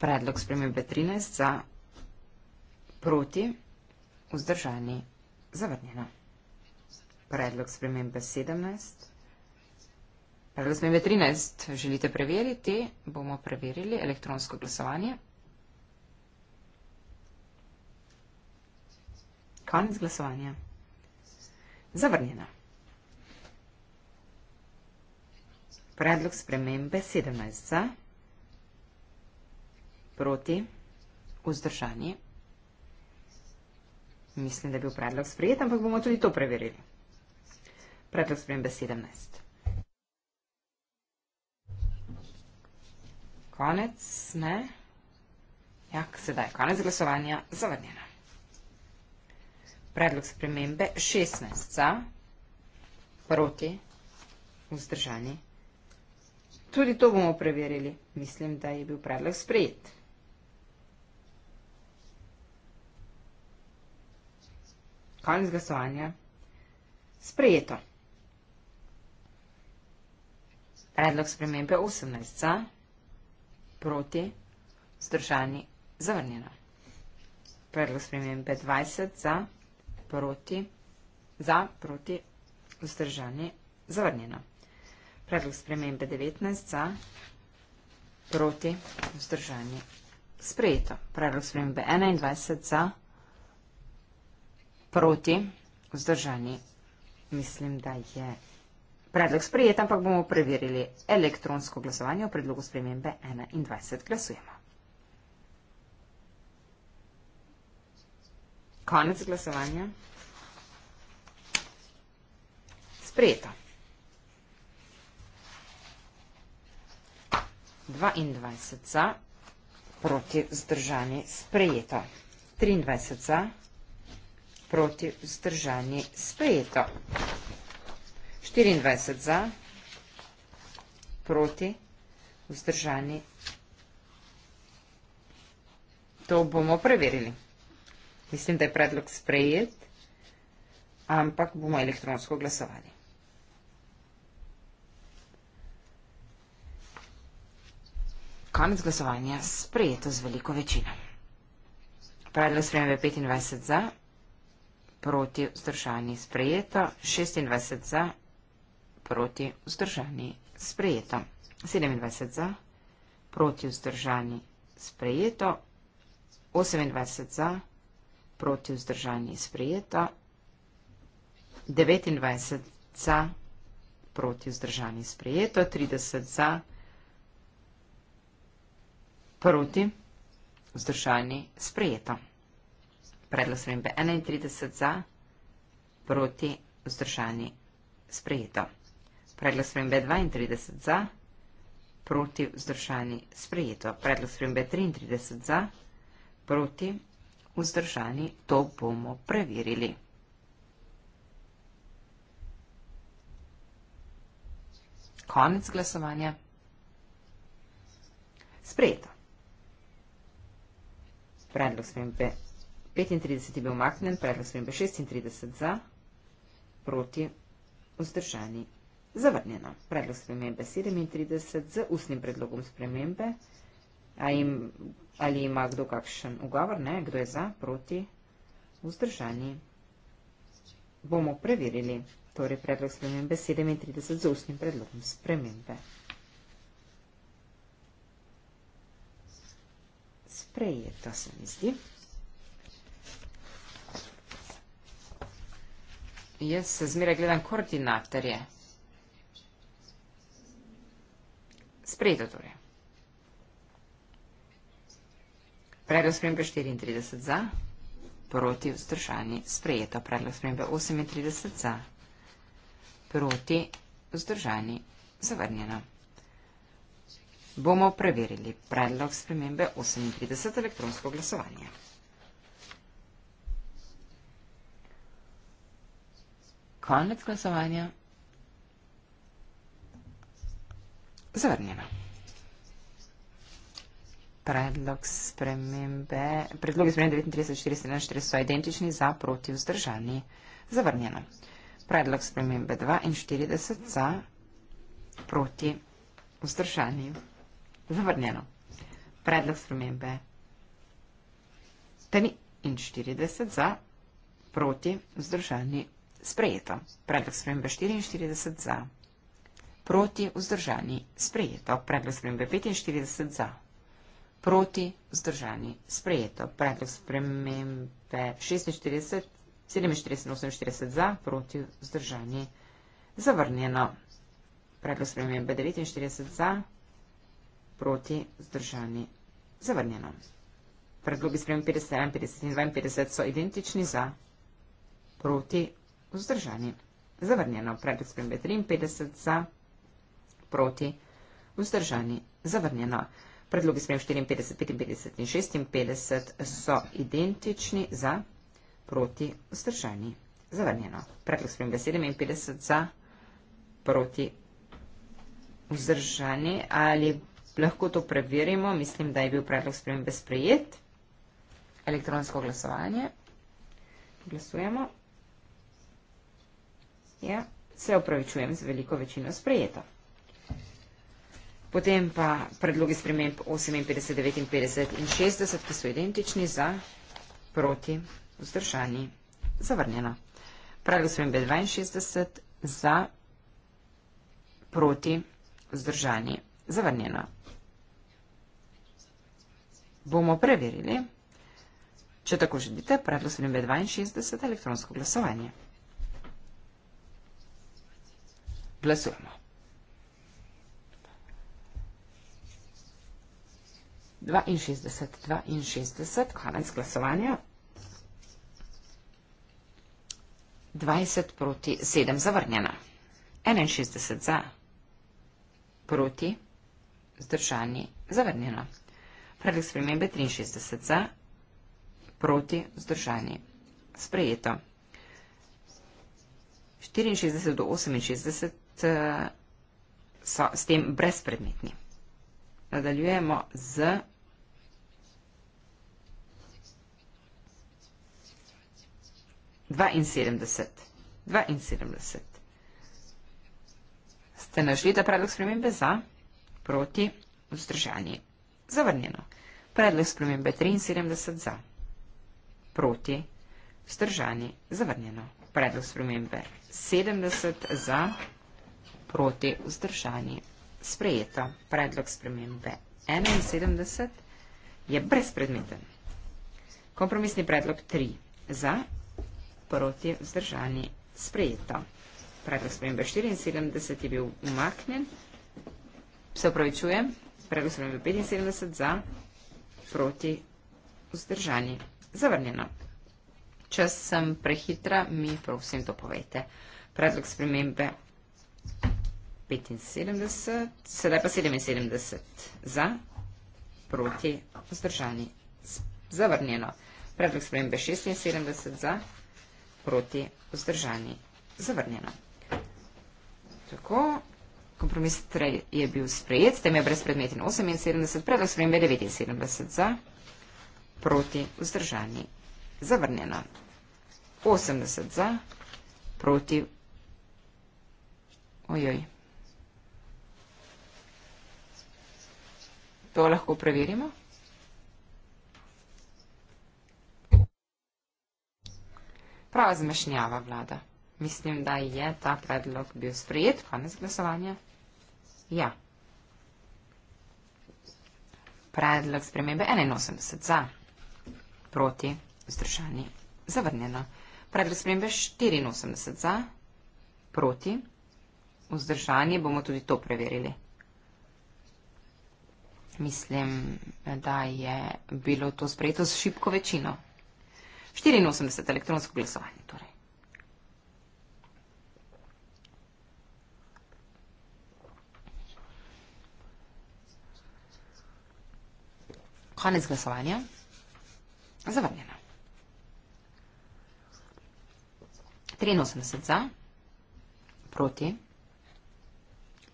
Predlog spremembe 13 za, proti, vzdržani, zavrnjeno. Predlog spremembe 17 za, Razmeve 13. Želite preveriti? Bomo preverili elektronsko glasovanje. Konec glasovanja. Zavrnjena. Predlog spremembe 17. Proti vzdržanje. Mislim, da je bil predlog sprejet, ampak bomo tudi to preverili. Predlog spremembe 17. konec, ne? Ja, sedaj je konec glasovanja, zavrnjena. Predlog spremembe 16 za, proti, vzdržani. Tudi to bomo preverili. Mislim, da je bil predlog sprejet. Konec glasovanja, sprejeto. Predlog spremembe 18 za, proti, vzdržani proti, zdržani, zavrnjeno. Predlog spremembe 20 za, proti, za, proti, zdržani, zavrnjeno. Predlog spremembe 19 za, proti, zdržani, sprejeto. Predlog spremembe 21 za, proti, zdržani, mislim, da je zavrnjeno. Predlog sprejet, ampak bomo preverili elektronsko glasovanje o predlogu spremembe 21. Glasujemo. Konec glasovanja. Sprejeto. 22 za, proti vzdržani sprejeto. 23 za, proti vzdržani sprejeto. 24 za, proti, vzdržani. To bomo preverili. Mislim, da je predlog sprejet, ampak bomo elektronsko glasovali. Konec glasovanja sprejeto z veliko večino. Predlog sprejeme 25 za, proti vzdržani sprejeto, 26 za, proti, vzdržani, sprejeto. 27 za, proti, vzdržani, sprejeto. 28 za, proti, vzdržani, sprejeto. 29 za, proti, vzdržani, sprejeto. 30 za, proti, vzdržani, sprejeto. Predlog sprejembe 31 za, proti, vzdržani, sprejeto. Predlog spremembe 32 za, proti vzdržani sprejeto. Predlog spremembe 33 za, proti vzdržani. To bomo preverili. Konec glasovanja. Sprejeto. Predlog spremembe 35 je bil maknen, predlog spremembe 36 za, proti vzdržani sprejeto. Zavrnjeno. Predlog spremembe 37 z ustnim predlogom spremembe. A im, ali ima kdo kakšen ugovor? Ne. Kdo je za, proti, vzdržani? Bomo preverili. Torej, predlog spremembe 37 z ustnim predlogom spremembe. Sprejeto se mi zdi. Jaz se zmeraj gledam koordinatorje. Sprejeto torej. Predlog spremembe 34 za, proti vzdržani sprejeto. Predlog spremembe 38 za, proti vzdržani zavrnjeno. Bomo preverili predlog spremembe 38 elektronsko glasovanje. Konec glasovanja. zavrnjeno. Predlog spremembe, predlog spremembe 39.4.41 so identični za proti vzdržani. Zavrnjeno. Predlog spremembe 42 za proti vzdržani. Zavrnjeno. Predlog spremembe 43 za proti vzdržani. Sprejeto. Predlog spremembe 44 za proti vzdržani. Proti vzdržani sprejeto. Predlog spremembe 45 za. Proti vzdržani sprejeto. Predlog spremembe 46, 47, 48 za. Proti vzdržani zavrnjeno. Predlog spremembe 49 za. Proti vzdržani zavrnjeno. Predlogi spremembe 51, 50 in 52 so identični za. Proti vzdržani zavrnjeno. Predlog spremembe 53 za proti, vzdržani, zavrnjeno. Predlogi sprem 54, 55 in 56 so identični za, proti, vzdržani, zavrnjeno. Predlog sprem 57 za, proti, vzdržani. Ali lahko to preverimo? Mislim, da je bil predlog sprem besprejet. Elektronsko glasovanje. Glasujemo. Ja, se opravičujem z veliko večino sprejeto. Potem pa predlogi sprememb 58, 59 in 60, ki so identični za, proti, vzdržani, zavrnjena. Predlog sprememb 62 za, proti, vzdržani, zavrnjena. Bomo preverili, če tako želite, predlog sprememb 62 elektronsko glasovanje. Glasujemo. 62, 62, konec glasovanja. 20 proti 7 zavrnjena. 61 za, proti, zdržani, zavrnjena. Predlog spremembe 63 za, proti, zdržani, sprejeto. 64 do 68 eh, so s tem brezpredmetni. Nadaljujemo z 72. 72. Ste našli, da predlog spremembe za, proti, vzdržanji. Zavrnjeno. Predlog spremembe 73 za, proti, vzdržanji. Zavrnjeno. Predlog spremembe 70 za, proti, vzdržanji. Sprejeto. Predlog spremembe 71 je brezpredmeten. Kompromisni predlog 3 za, proti vzdržani sprejeto. Predlog spremembe 74 je bil umaknjen, se upravičujem, predlog spremembe 75 za proti vzdržani zavrnjeno. Če sem prehitra, mi prosim to povejte. Predlog spremembe 75, sedaj pa 77 za proti vzdržani zavrnjeno. Predlog spremembe 76 za proti vzdržani zavrnjeno proti vzdržani zavrnjeno. Tako, kompromis 3 je bil sprejet, s tem je brezpredmeten 78, predlog spremembe 79 za, proti vzdržani zavrnjeno. 80 za, proti, ojoj. To lahko preverimo. prav zmešnjava vlada. Mislim, da je ta predlog bil sprejet, konec glasovanja. Ja. Predlog spremembe 81 za, proti, vzdržani, zavrnjeno. Predlog spremembe 84 za, proti, vzdržani, bomo tudi to preverili. Mislim, da je bilo to sprejeto z šibko večino. 84 elektronsko glasovanje. Torej. Konec glasovanja. Zavrnjeno. 83 za, proti,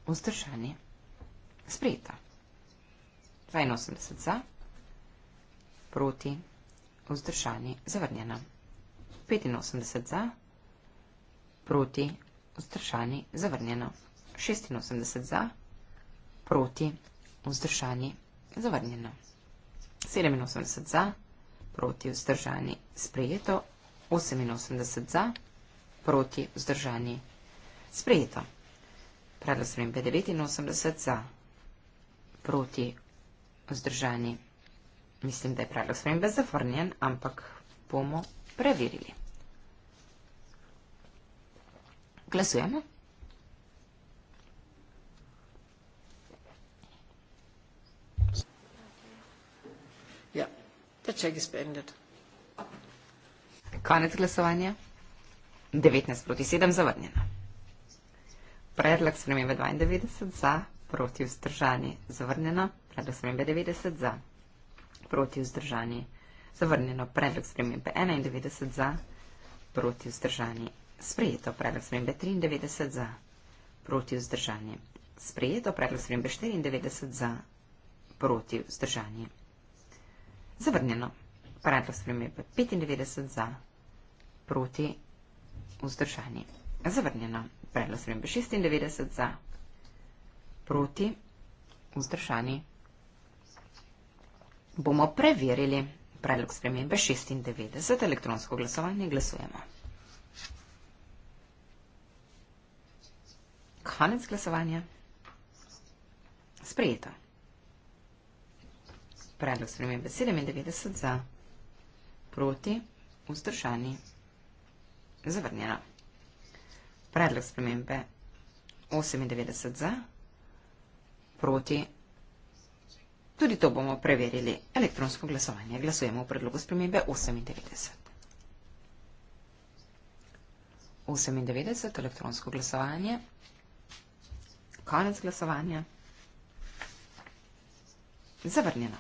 vzdržani, sprejeta. 82 za, proti, vzdržani vzdržani, zavrnjena. 85 za, proti, vzdržani, zavrnjena. 86 za, proti, vzdržani, zavrnjena. 87 za, proti, vzdržani, sprejeto. 88 za, proti, vzdržani, sprejeto. Predlog sprememb 89 za, proti, vzdržani, sprejeto. Mislim, da je predlog spremembe zavrnjen, ampak bomo preverili. Glasujemo. Ja, teček je spremljen. Konec glasovanja. 19 proti 7 zavrnjeno. Predlog spremembe 92 za, proti vzdržani zavrnjeno, predlog spremembe 90 za proti vzdržani. Zavrnjeno predlog spremembe 91 za, proti vzdržani. Sprejeto predlog spremembe 93 za, proti vzdržani. Sprejeto predlog spremembe 94 za, proti vzdržani. Zavrnjeno predlog spremembe 95 za, proti vzdržani. Zavrnjeno predlog spremembe 96 za, proti vzdržani. Zavrnjeno predlog spremembe 96 za, proti vzdržani. Bomo preverili. Predlog spremembe 96. Elektronsko glasovanje. Glasujemo. Konec glasovanja. Sprejeto. Predlog spremembe 97 za. Proti. Vzdržani. Zavrnjeno. Predlog spremembe 98 za. Proti. Vzdržani. Tudi to bomo preverili. Elektronsko glasovanje. Glasujemo v predlogu spremembe 98. 98, elektronsko glasovanje. Konec glasovanja. Zavrnjeno.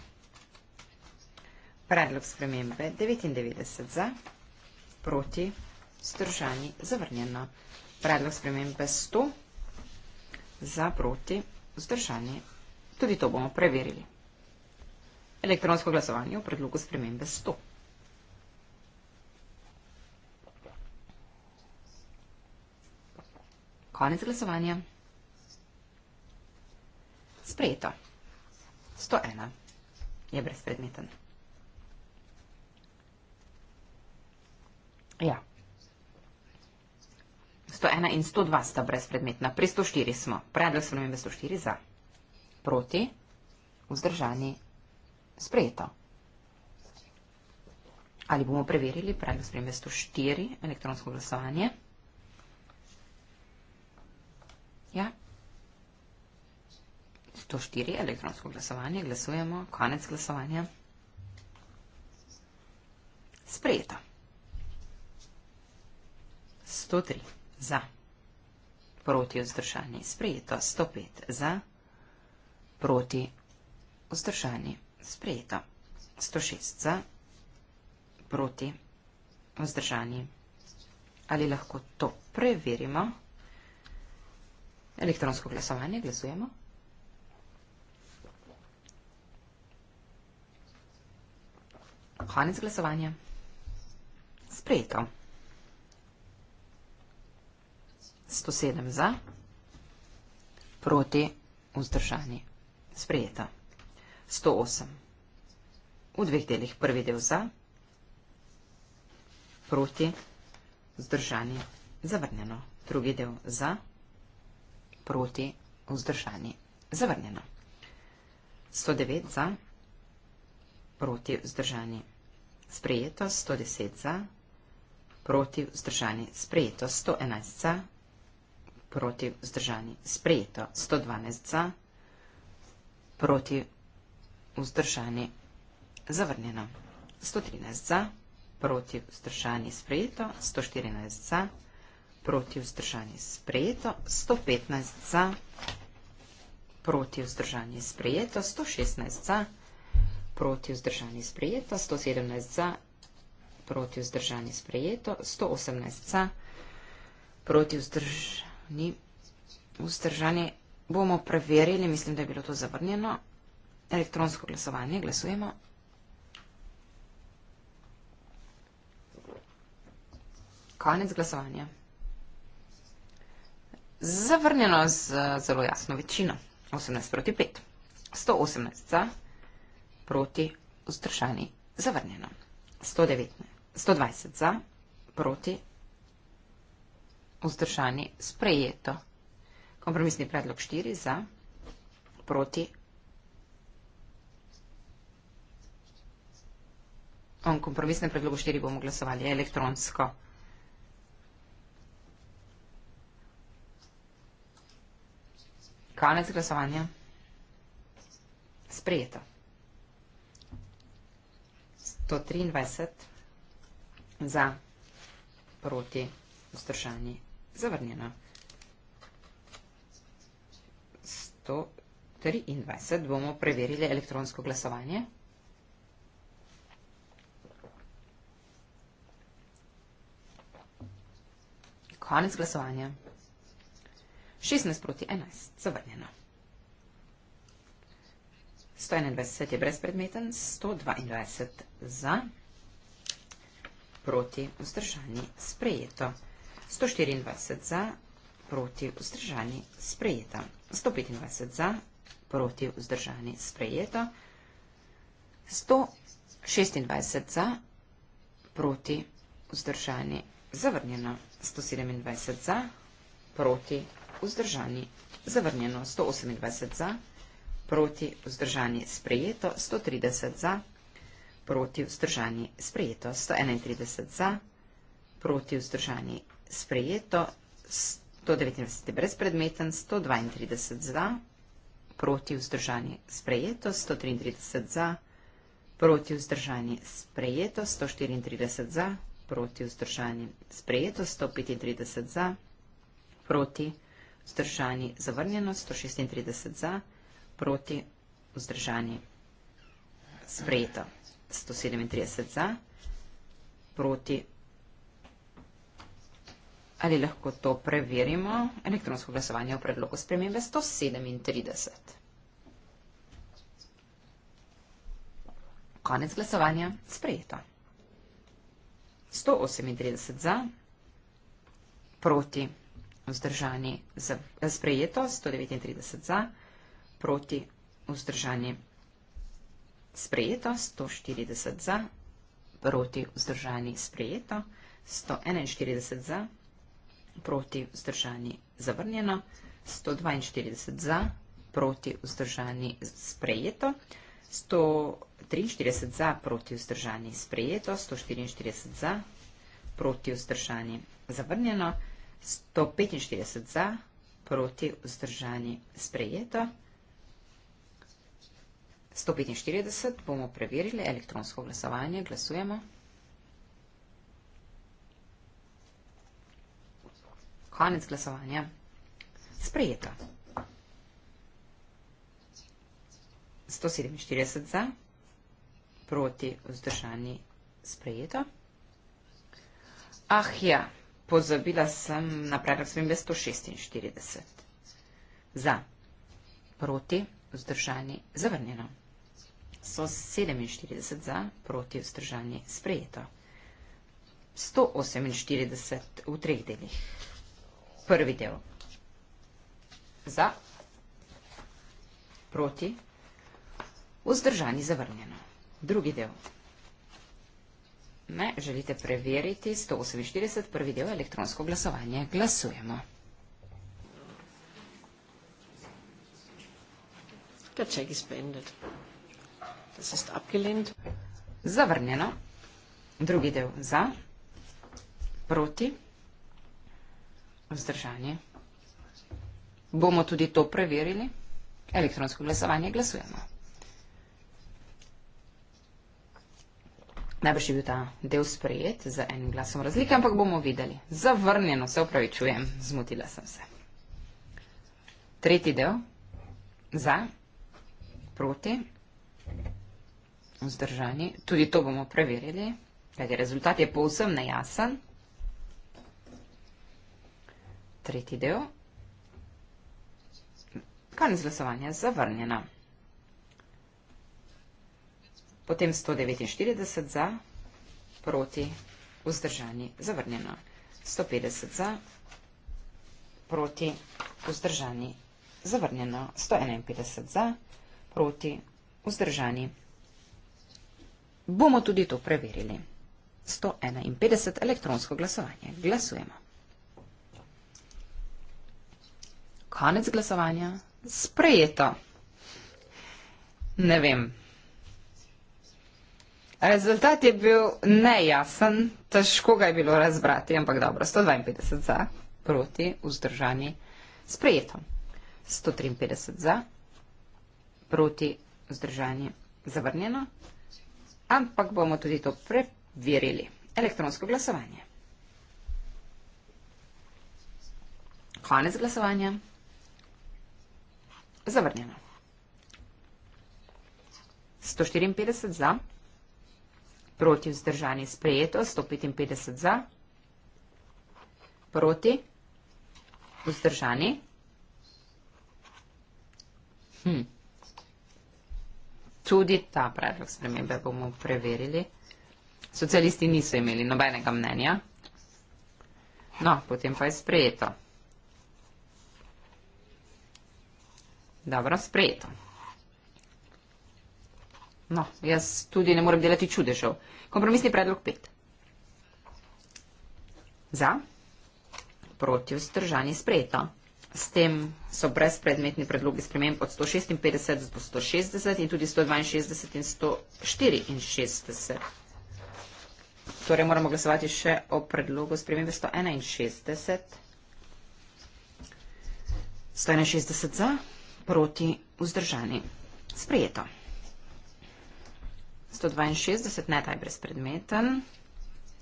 Predlog spremembe 99 za, proti, stržani, zavrnjeno. Predlog spremembe 100 za, proti, stržani. Tudi to bomo preverili elektronsko glasovanje o predlogu spremembe 100. Konec glasovanja. Sprejeto. 101 je brezpredmeten. Ja. 101 in 102 sta brezpredmetna. Pri 104 smo. Predlog spremembe 104 za. Proti. Vzdržani sprejeto. Ali bomo preverili predlog spremembe 104 elektronsko glasovanje? Ja. 104 elektronsko glasovanje, glasujemo, konec glasovanja. Sprejeto. 103 za, proti vzdržanje, sprejeto, 105 za, proti vzdržanje sprejeto. 106 za, proti, vzdržani. Ali lahko to preverimo? Elektronsko glasovanje glasujemo. Konec glasovanja. Sprejeto. 107 za, proti, vzdržani. Sprejeto. 108. V dveh delih prvi del za, proti, vzdržani, zavrnjeno. Drugi del za, proti, vzdržani, zavrnjeno. 109 za, proti, vzdržani, sprejeto. 110 za, proti, vzdržani, sprejeto. 111 za, proti, vzdržani, sprejeto. 112 za, proti, vzdržani vzdržani. Zavrnjeno. 113 za, proti vzdržani sprejeto, 114 za, proti vzdržani sprejeto, 115 za, proti vzdržani sprejeto, 116 za, proti vzdržani sprejeto, 117 za, proti vzdržani sprejeto, 118 za, proti vzdržani, vzdržani bomo preverili, mislim, da je bilo to zavrnjeno, elektronsko glasovanje. Glasujemo. Konec glasovanja. Zavrnjeno z zelo jasno večino. 18 proti 5. 118 za, proti vzdržani. Zavrnjeno. 120 za, proti vzdržani. Sprejeto. Kompromisni predlog 4 za, proti vzdržani. o kompromisnem predlogu štiri bomo glasovali elektronsko. Konec glasovanja. Sprejeto. 123 za, proti, vzdržani, zavrnjeno. 123 bomo preverili elektronsko glasovanje. Konec glasovanja. 16 proti 11. Zavrnjeno. 121 je brezpredmeten, 122 za, proti vzdržani sprejeto. 124 za, proti vzdržani sprejeto. 125 za, proti vzdržani sprejeto. 126 za, proti vzdržani sprejeto zavrnjeno 127 za, proti vzdržani zavrnjeno 128 za, proti vzdržani sprejeto 130 za, proti vzdržani sprejeto 131 za, proti vzdržani sprejeto 129 brezpredmeten 132 za, proti vzdržani sprejeto 133 za, proti vzdržani sprejeto 134 za, proti vzdržani. Sprejeto 135 za, proti vzdržani. Zavrnjeno 136 za, proti vzdržani. Sprejeto 137 za, proti. Ali lahko to preverimo? Elektronsko glasovanje v predlogu spremembe 137. Konec glasovanja. Sprejeto. 138 za, proti vzdržani za sprejeto, 139 za, proti vzdržani sprejeto, 140 za, proti vzdržani sprejeto, 141 za, proti vzdržani zavrnjeno, 142 za, proti vzdržani sprejeto, 143 za, proti vzdržani sprejeto, 144 za, proti vzdržani zavrnjeno, 145 za, proti vzdržani sprejeto. 145 bomo preverili elektronsko glasovanje, glasujemo. Konec glasovanja. Sprejeto. 147 za, proti vzdržani sprejeto. Ah ja, pozabila sem na predlog sprembe 146 za, proti vzdržani zavrnjeno. 147 za, proti vzdržani sprejeto. 148 v treh delih. Prvi del. Za, proti vzdržani vzdržani zavrnjeno. Drugi del. Me želite preveriti 148. prvi del elektronsko glasovanje. Glasujemo. Der Check ist beendet. Das ist abgelehnt. Zavrnjeno. Drugi del za. Proti. Vzdržanje. Bomo tudi to preverili. Elektronsko glasovanje glasujemo. Najbrž je bil ta del sprejet z enim glasom razlike, ampak bomo videli. Zavrnjeno, se upravičujem, zmotila sem se. Tretji del. Za, proti, vzdržani. Tudi to bomo preverili, kajti rezultat je povsem nejasen. Tretji del. Kaj ne zglasovanje? Zavrnjena. Zavrnjena potem 149 za, proti, vzdržani, zavrnjeno, 150 za, proti, vzdržani, zavrnjeno, 151 za, proti, vzdržani. Bomo tudi to preverili. 151 elektronsko glasovanje. Glasujemo. Konec glasovanja. Sprejeto. Ne vem. Rezultat je bil nejasen, težko ga je bilo razbrati, ampak dobro, 152 za, proti, vzdržani, sprejeto. 153 za, proti, vzdržani, zavrnjeno. Ampak bomo tudi to preverili. Elektronsko glasovanje. Konec glasovanja. Zavrnjeno. 154 za proti vzdržani sprejeto, 155 za, proti vzdržani. Hm. Tudi ta predlog spremembe bomo preverili. Socialisti niso imeli nobenega mnenja. No, potem pa je sprejeto. Dobro, sprejeto. No, jaz tudi ne morem delati čudežev. Kompromisni predlog pet. Za? Proti vzdržanje sprejeta. S tem so brezpredmetni predlogi sprememb od 156 do 160 in tudi 162 in 164. Torej moramo glasovati še o predlogu spremembe 161. 161 za, proti vzdržanje sprejeta. 162, ne taj brezpredmeten.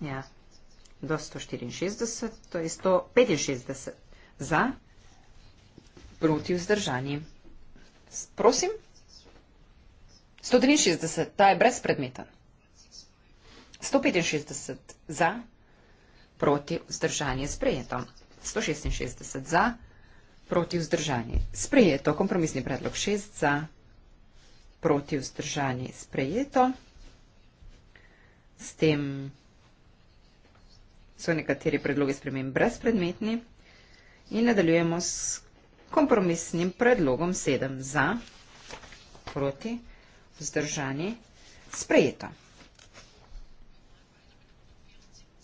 Ja, do 164, to je 165 za proti vzdržanji. Prosim? 163, ta je brezpredmeten. 165 za proti vzdržanje sprejeto. 166 za proti vzdržanje sprejeto. Kompromisni predlog 6 za proti vzdržanje proti vzdržani sprejeto. S tem so nekateri predlogi spremem brezpredmetni in nadaljujemo s kompromisnim predlogom 7 za proti vzdržani sprejeto.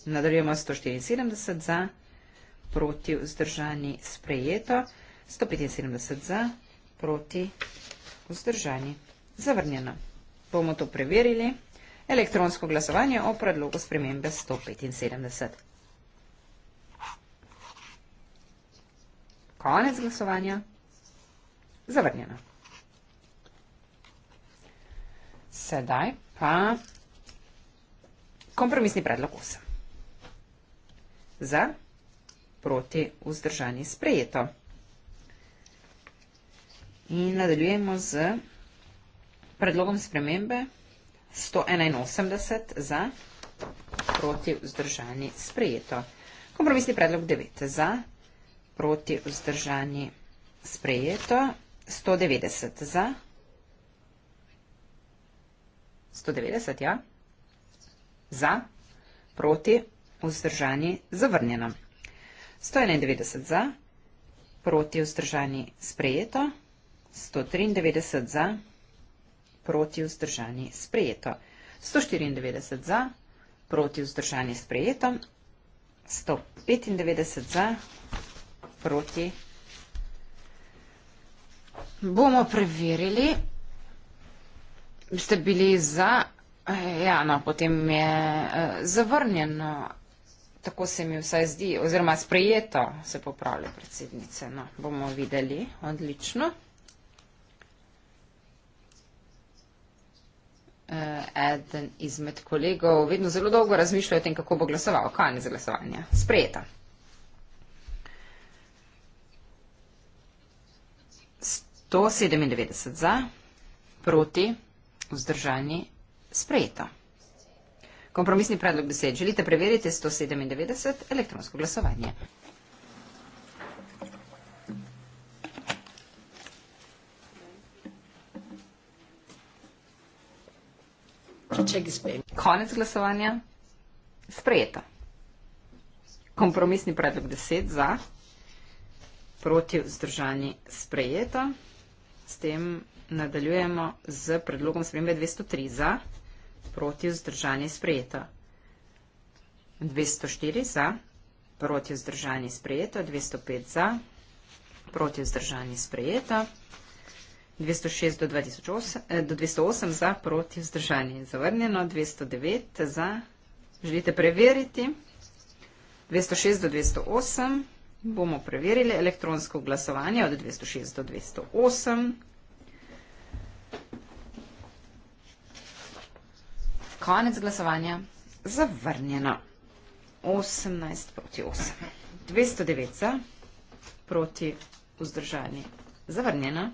Nadaljujemo 174 za proti vzdržani sprejeto, 175 za proti vzdržani sprejeto zavrnjeno. Bomo to preverili. Elektronsko glasovanje o predlogu spremembe 175. Konec glasovanja. Zavrnjeno. Sedaj pa kompromisni predlog 8. Za, proti, vzdržani, sprejeto. In nadaljujemo z predlogom spremembe 181 za, proti vzdržani sprejeto. Kompromisni predlog 9 za, proti vzdržani sprejeto, 190 za, 190, ja, za, proti vzdržani zavrnjeno. 191 za, proti vzdržani sprejeto, 193 za, proti vzdržani sprejeto proti vzdržani sprejeto. 194 za, proti vzdržani sprejeto. 195 za, proti. Bomo preverili, ste bili za, eh, ja, no, potem je eh, zavrnjeno, tako se mi vsaj zdi, oziroma sprejeto se popravlja predsednice, no, bomo videli, odlično. Eh, eden izmed kolegov vedno zelo dolgo razmišlja o tem, kako bo glasoval, kaj je za glasovanje. Sprejeta. To 97 za, proti, vzdržani, sprejeto. Kompromisni predlog 10. Želite preveriti 197 elektronsko glasovanje? Čiček izpeljem. Konec glasovanja. Sprejeta. Kompromisni predlog 10 za, proti vzdržani sprejeta. S tem nadaljujemo z predlogom spremembe 203 za, proti vzdržani sprejeta. 204 za, proti vzdržani sprejeta. 205 za, proti vzdržani sprejeta. 206 do, 2008, eh, do 208 za proti vzdržanje. Zavrnjeno 209 za. Želite preveriti? 206 do 208 bomo preverili elektronsko glasovanje od 206 do 208. Konec glasovanja. Zavrnjeno. 18 proti 8. 209 za. Proti vzdržanje. Zavrnjeno.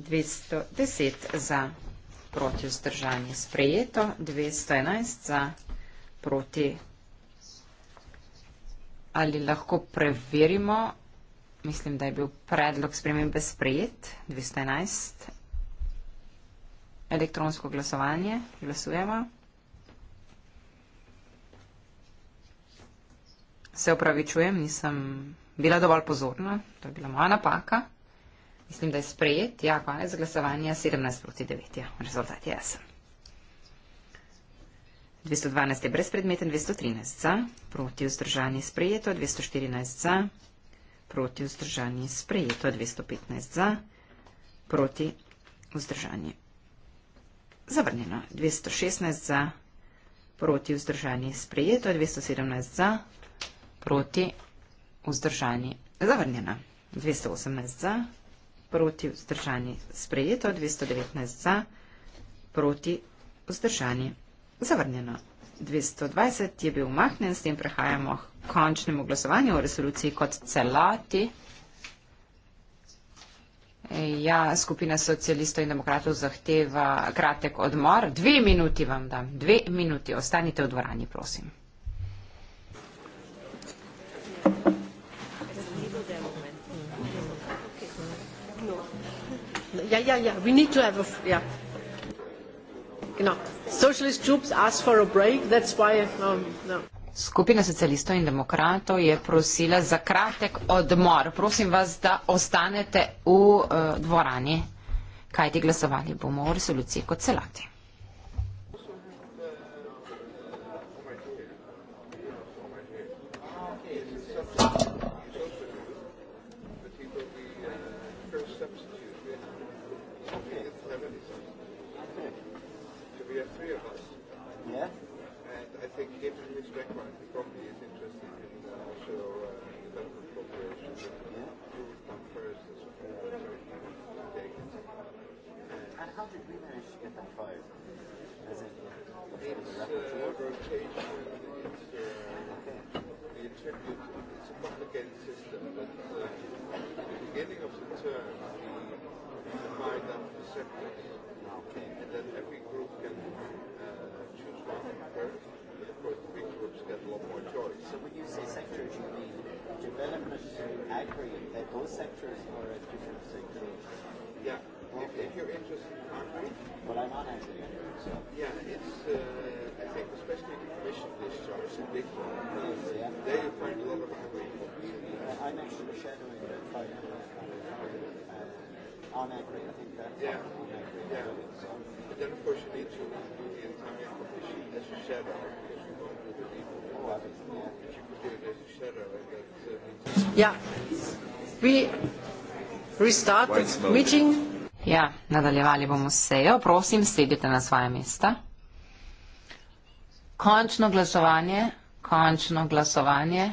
210 za proti vzdržanje sprejeto, 211 za proti. Ali lahko preverimo, mislim, da je bil predlog spremembe sprejet, 211, elektronsko glasovanje, glasujemo. Se upravičujem, nisem bila dovolj pozorna, to je bila moja napaka. Mislim, da je sprejet. Ja, konec glasovanja 17 proti 9. Ja, rezultat je jasen. 212 je brezpredmeten, 213 za, proti vzdržanje sprejeto, 214 za, proti vzdržanje sprejeto, 215 za, proti vzdržanje zavrnjeno, 216 za, proti vzdržanje sprejeto, 217 za, proti vzdržanje zavrnjeno, 218 za, proti vzdržani sprejeto, 219 za, proti vzdržani zavrnjeno. 220 je bil umaknen, s tem prehajamo k končnemu glasovanju o resoluciji kot celoti. Ja, skupina socialistov in demokratov zahteva kratek odmor. Dve minuti vam dam, dve minuti, ostanite v dvorani, prosim. yeah, yeah, yeah. We need to have a yeah. You know, socialist groups ask for a break. That's why um, no. Skupina socialistov in demokratov je prosila za kratek odmor. Prosim vas, da ostanete v uh, dvorani, kajti glasovali bomo o resoluciji kot celoti. Thank you. restart the meeting. Ja, nadaljevali bomo sejo. Prosim, sedite na svoje mesta. Končno glasovanje, končno glasovanje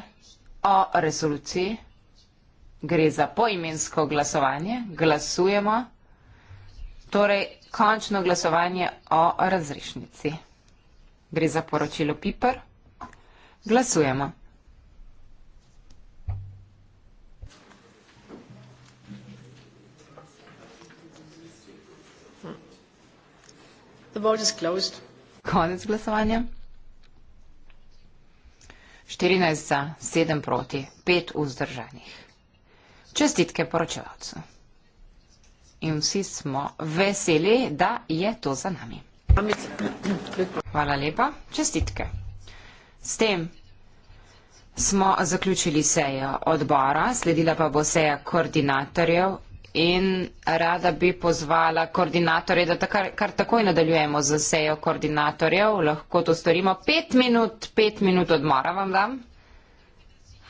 o resoluciji. Gre za poimensko glasovanje. Glasujemo. Torej, končno glasovanje o razrešnici. Gre za poročilo PIPR. Glasujemo. The vote is closed. Konec glasovanja. 14 za, 7 proti, 5 vzdržanih. Čestitke poročevalcu. In vsi smo veseli, da je to za nami. Hvala lepa, čestitke. S tem smo zaključili sejo odbora, sledila pa bo seja koordinatorjev in rada bi pozvala koordinatorje, da kar, kar takoj nadaljujemo z sejo koordinatorjev. Lahko to storimo. Pet minut, pet minut odmora vam dam.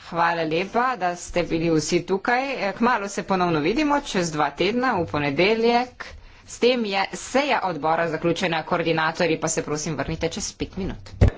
Hvala lepa, da ste bili vsi tukaj. Eh, Kmalo se ponovno vidimo, čez dva tedna, v ponedeljek. S tem je seja odbora zaključena, koordinatorji pa se prosim vrnite čez pet minut.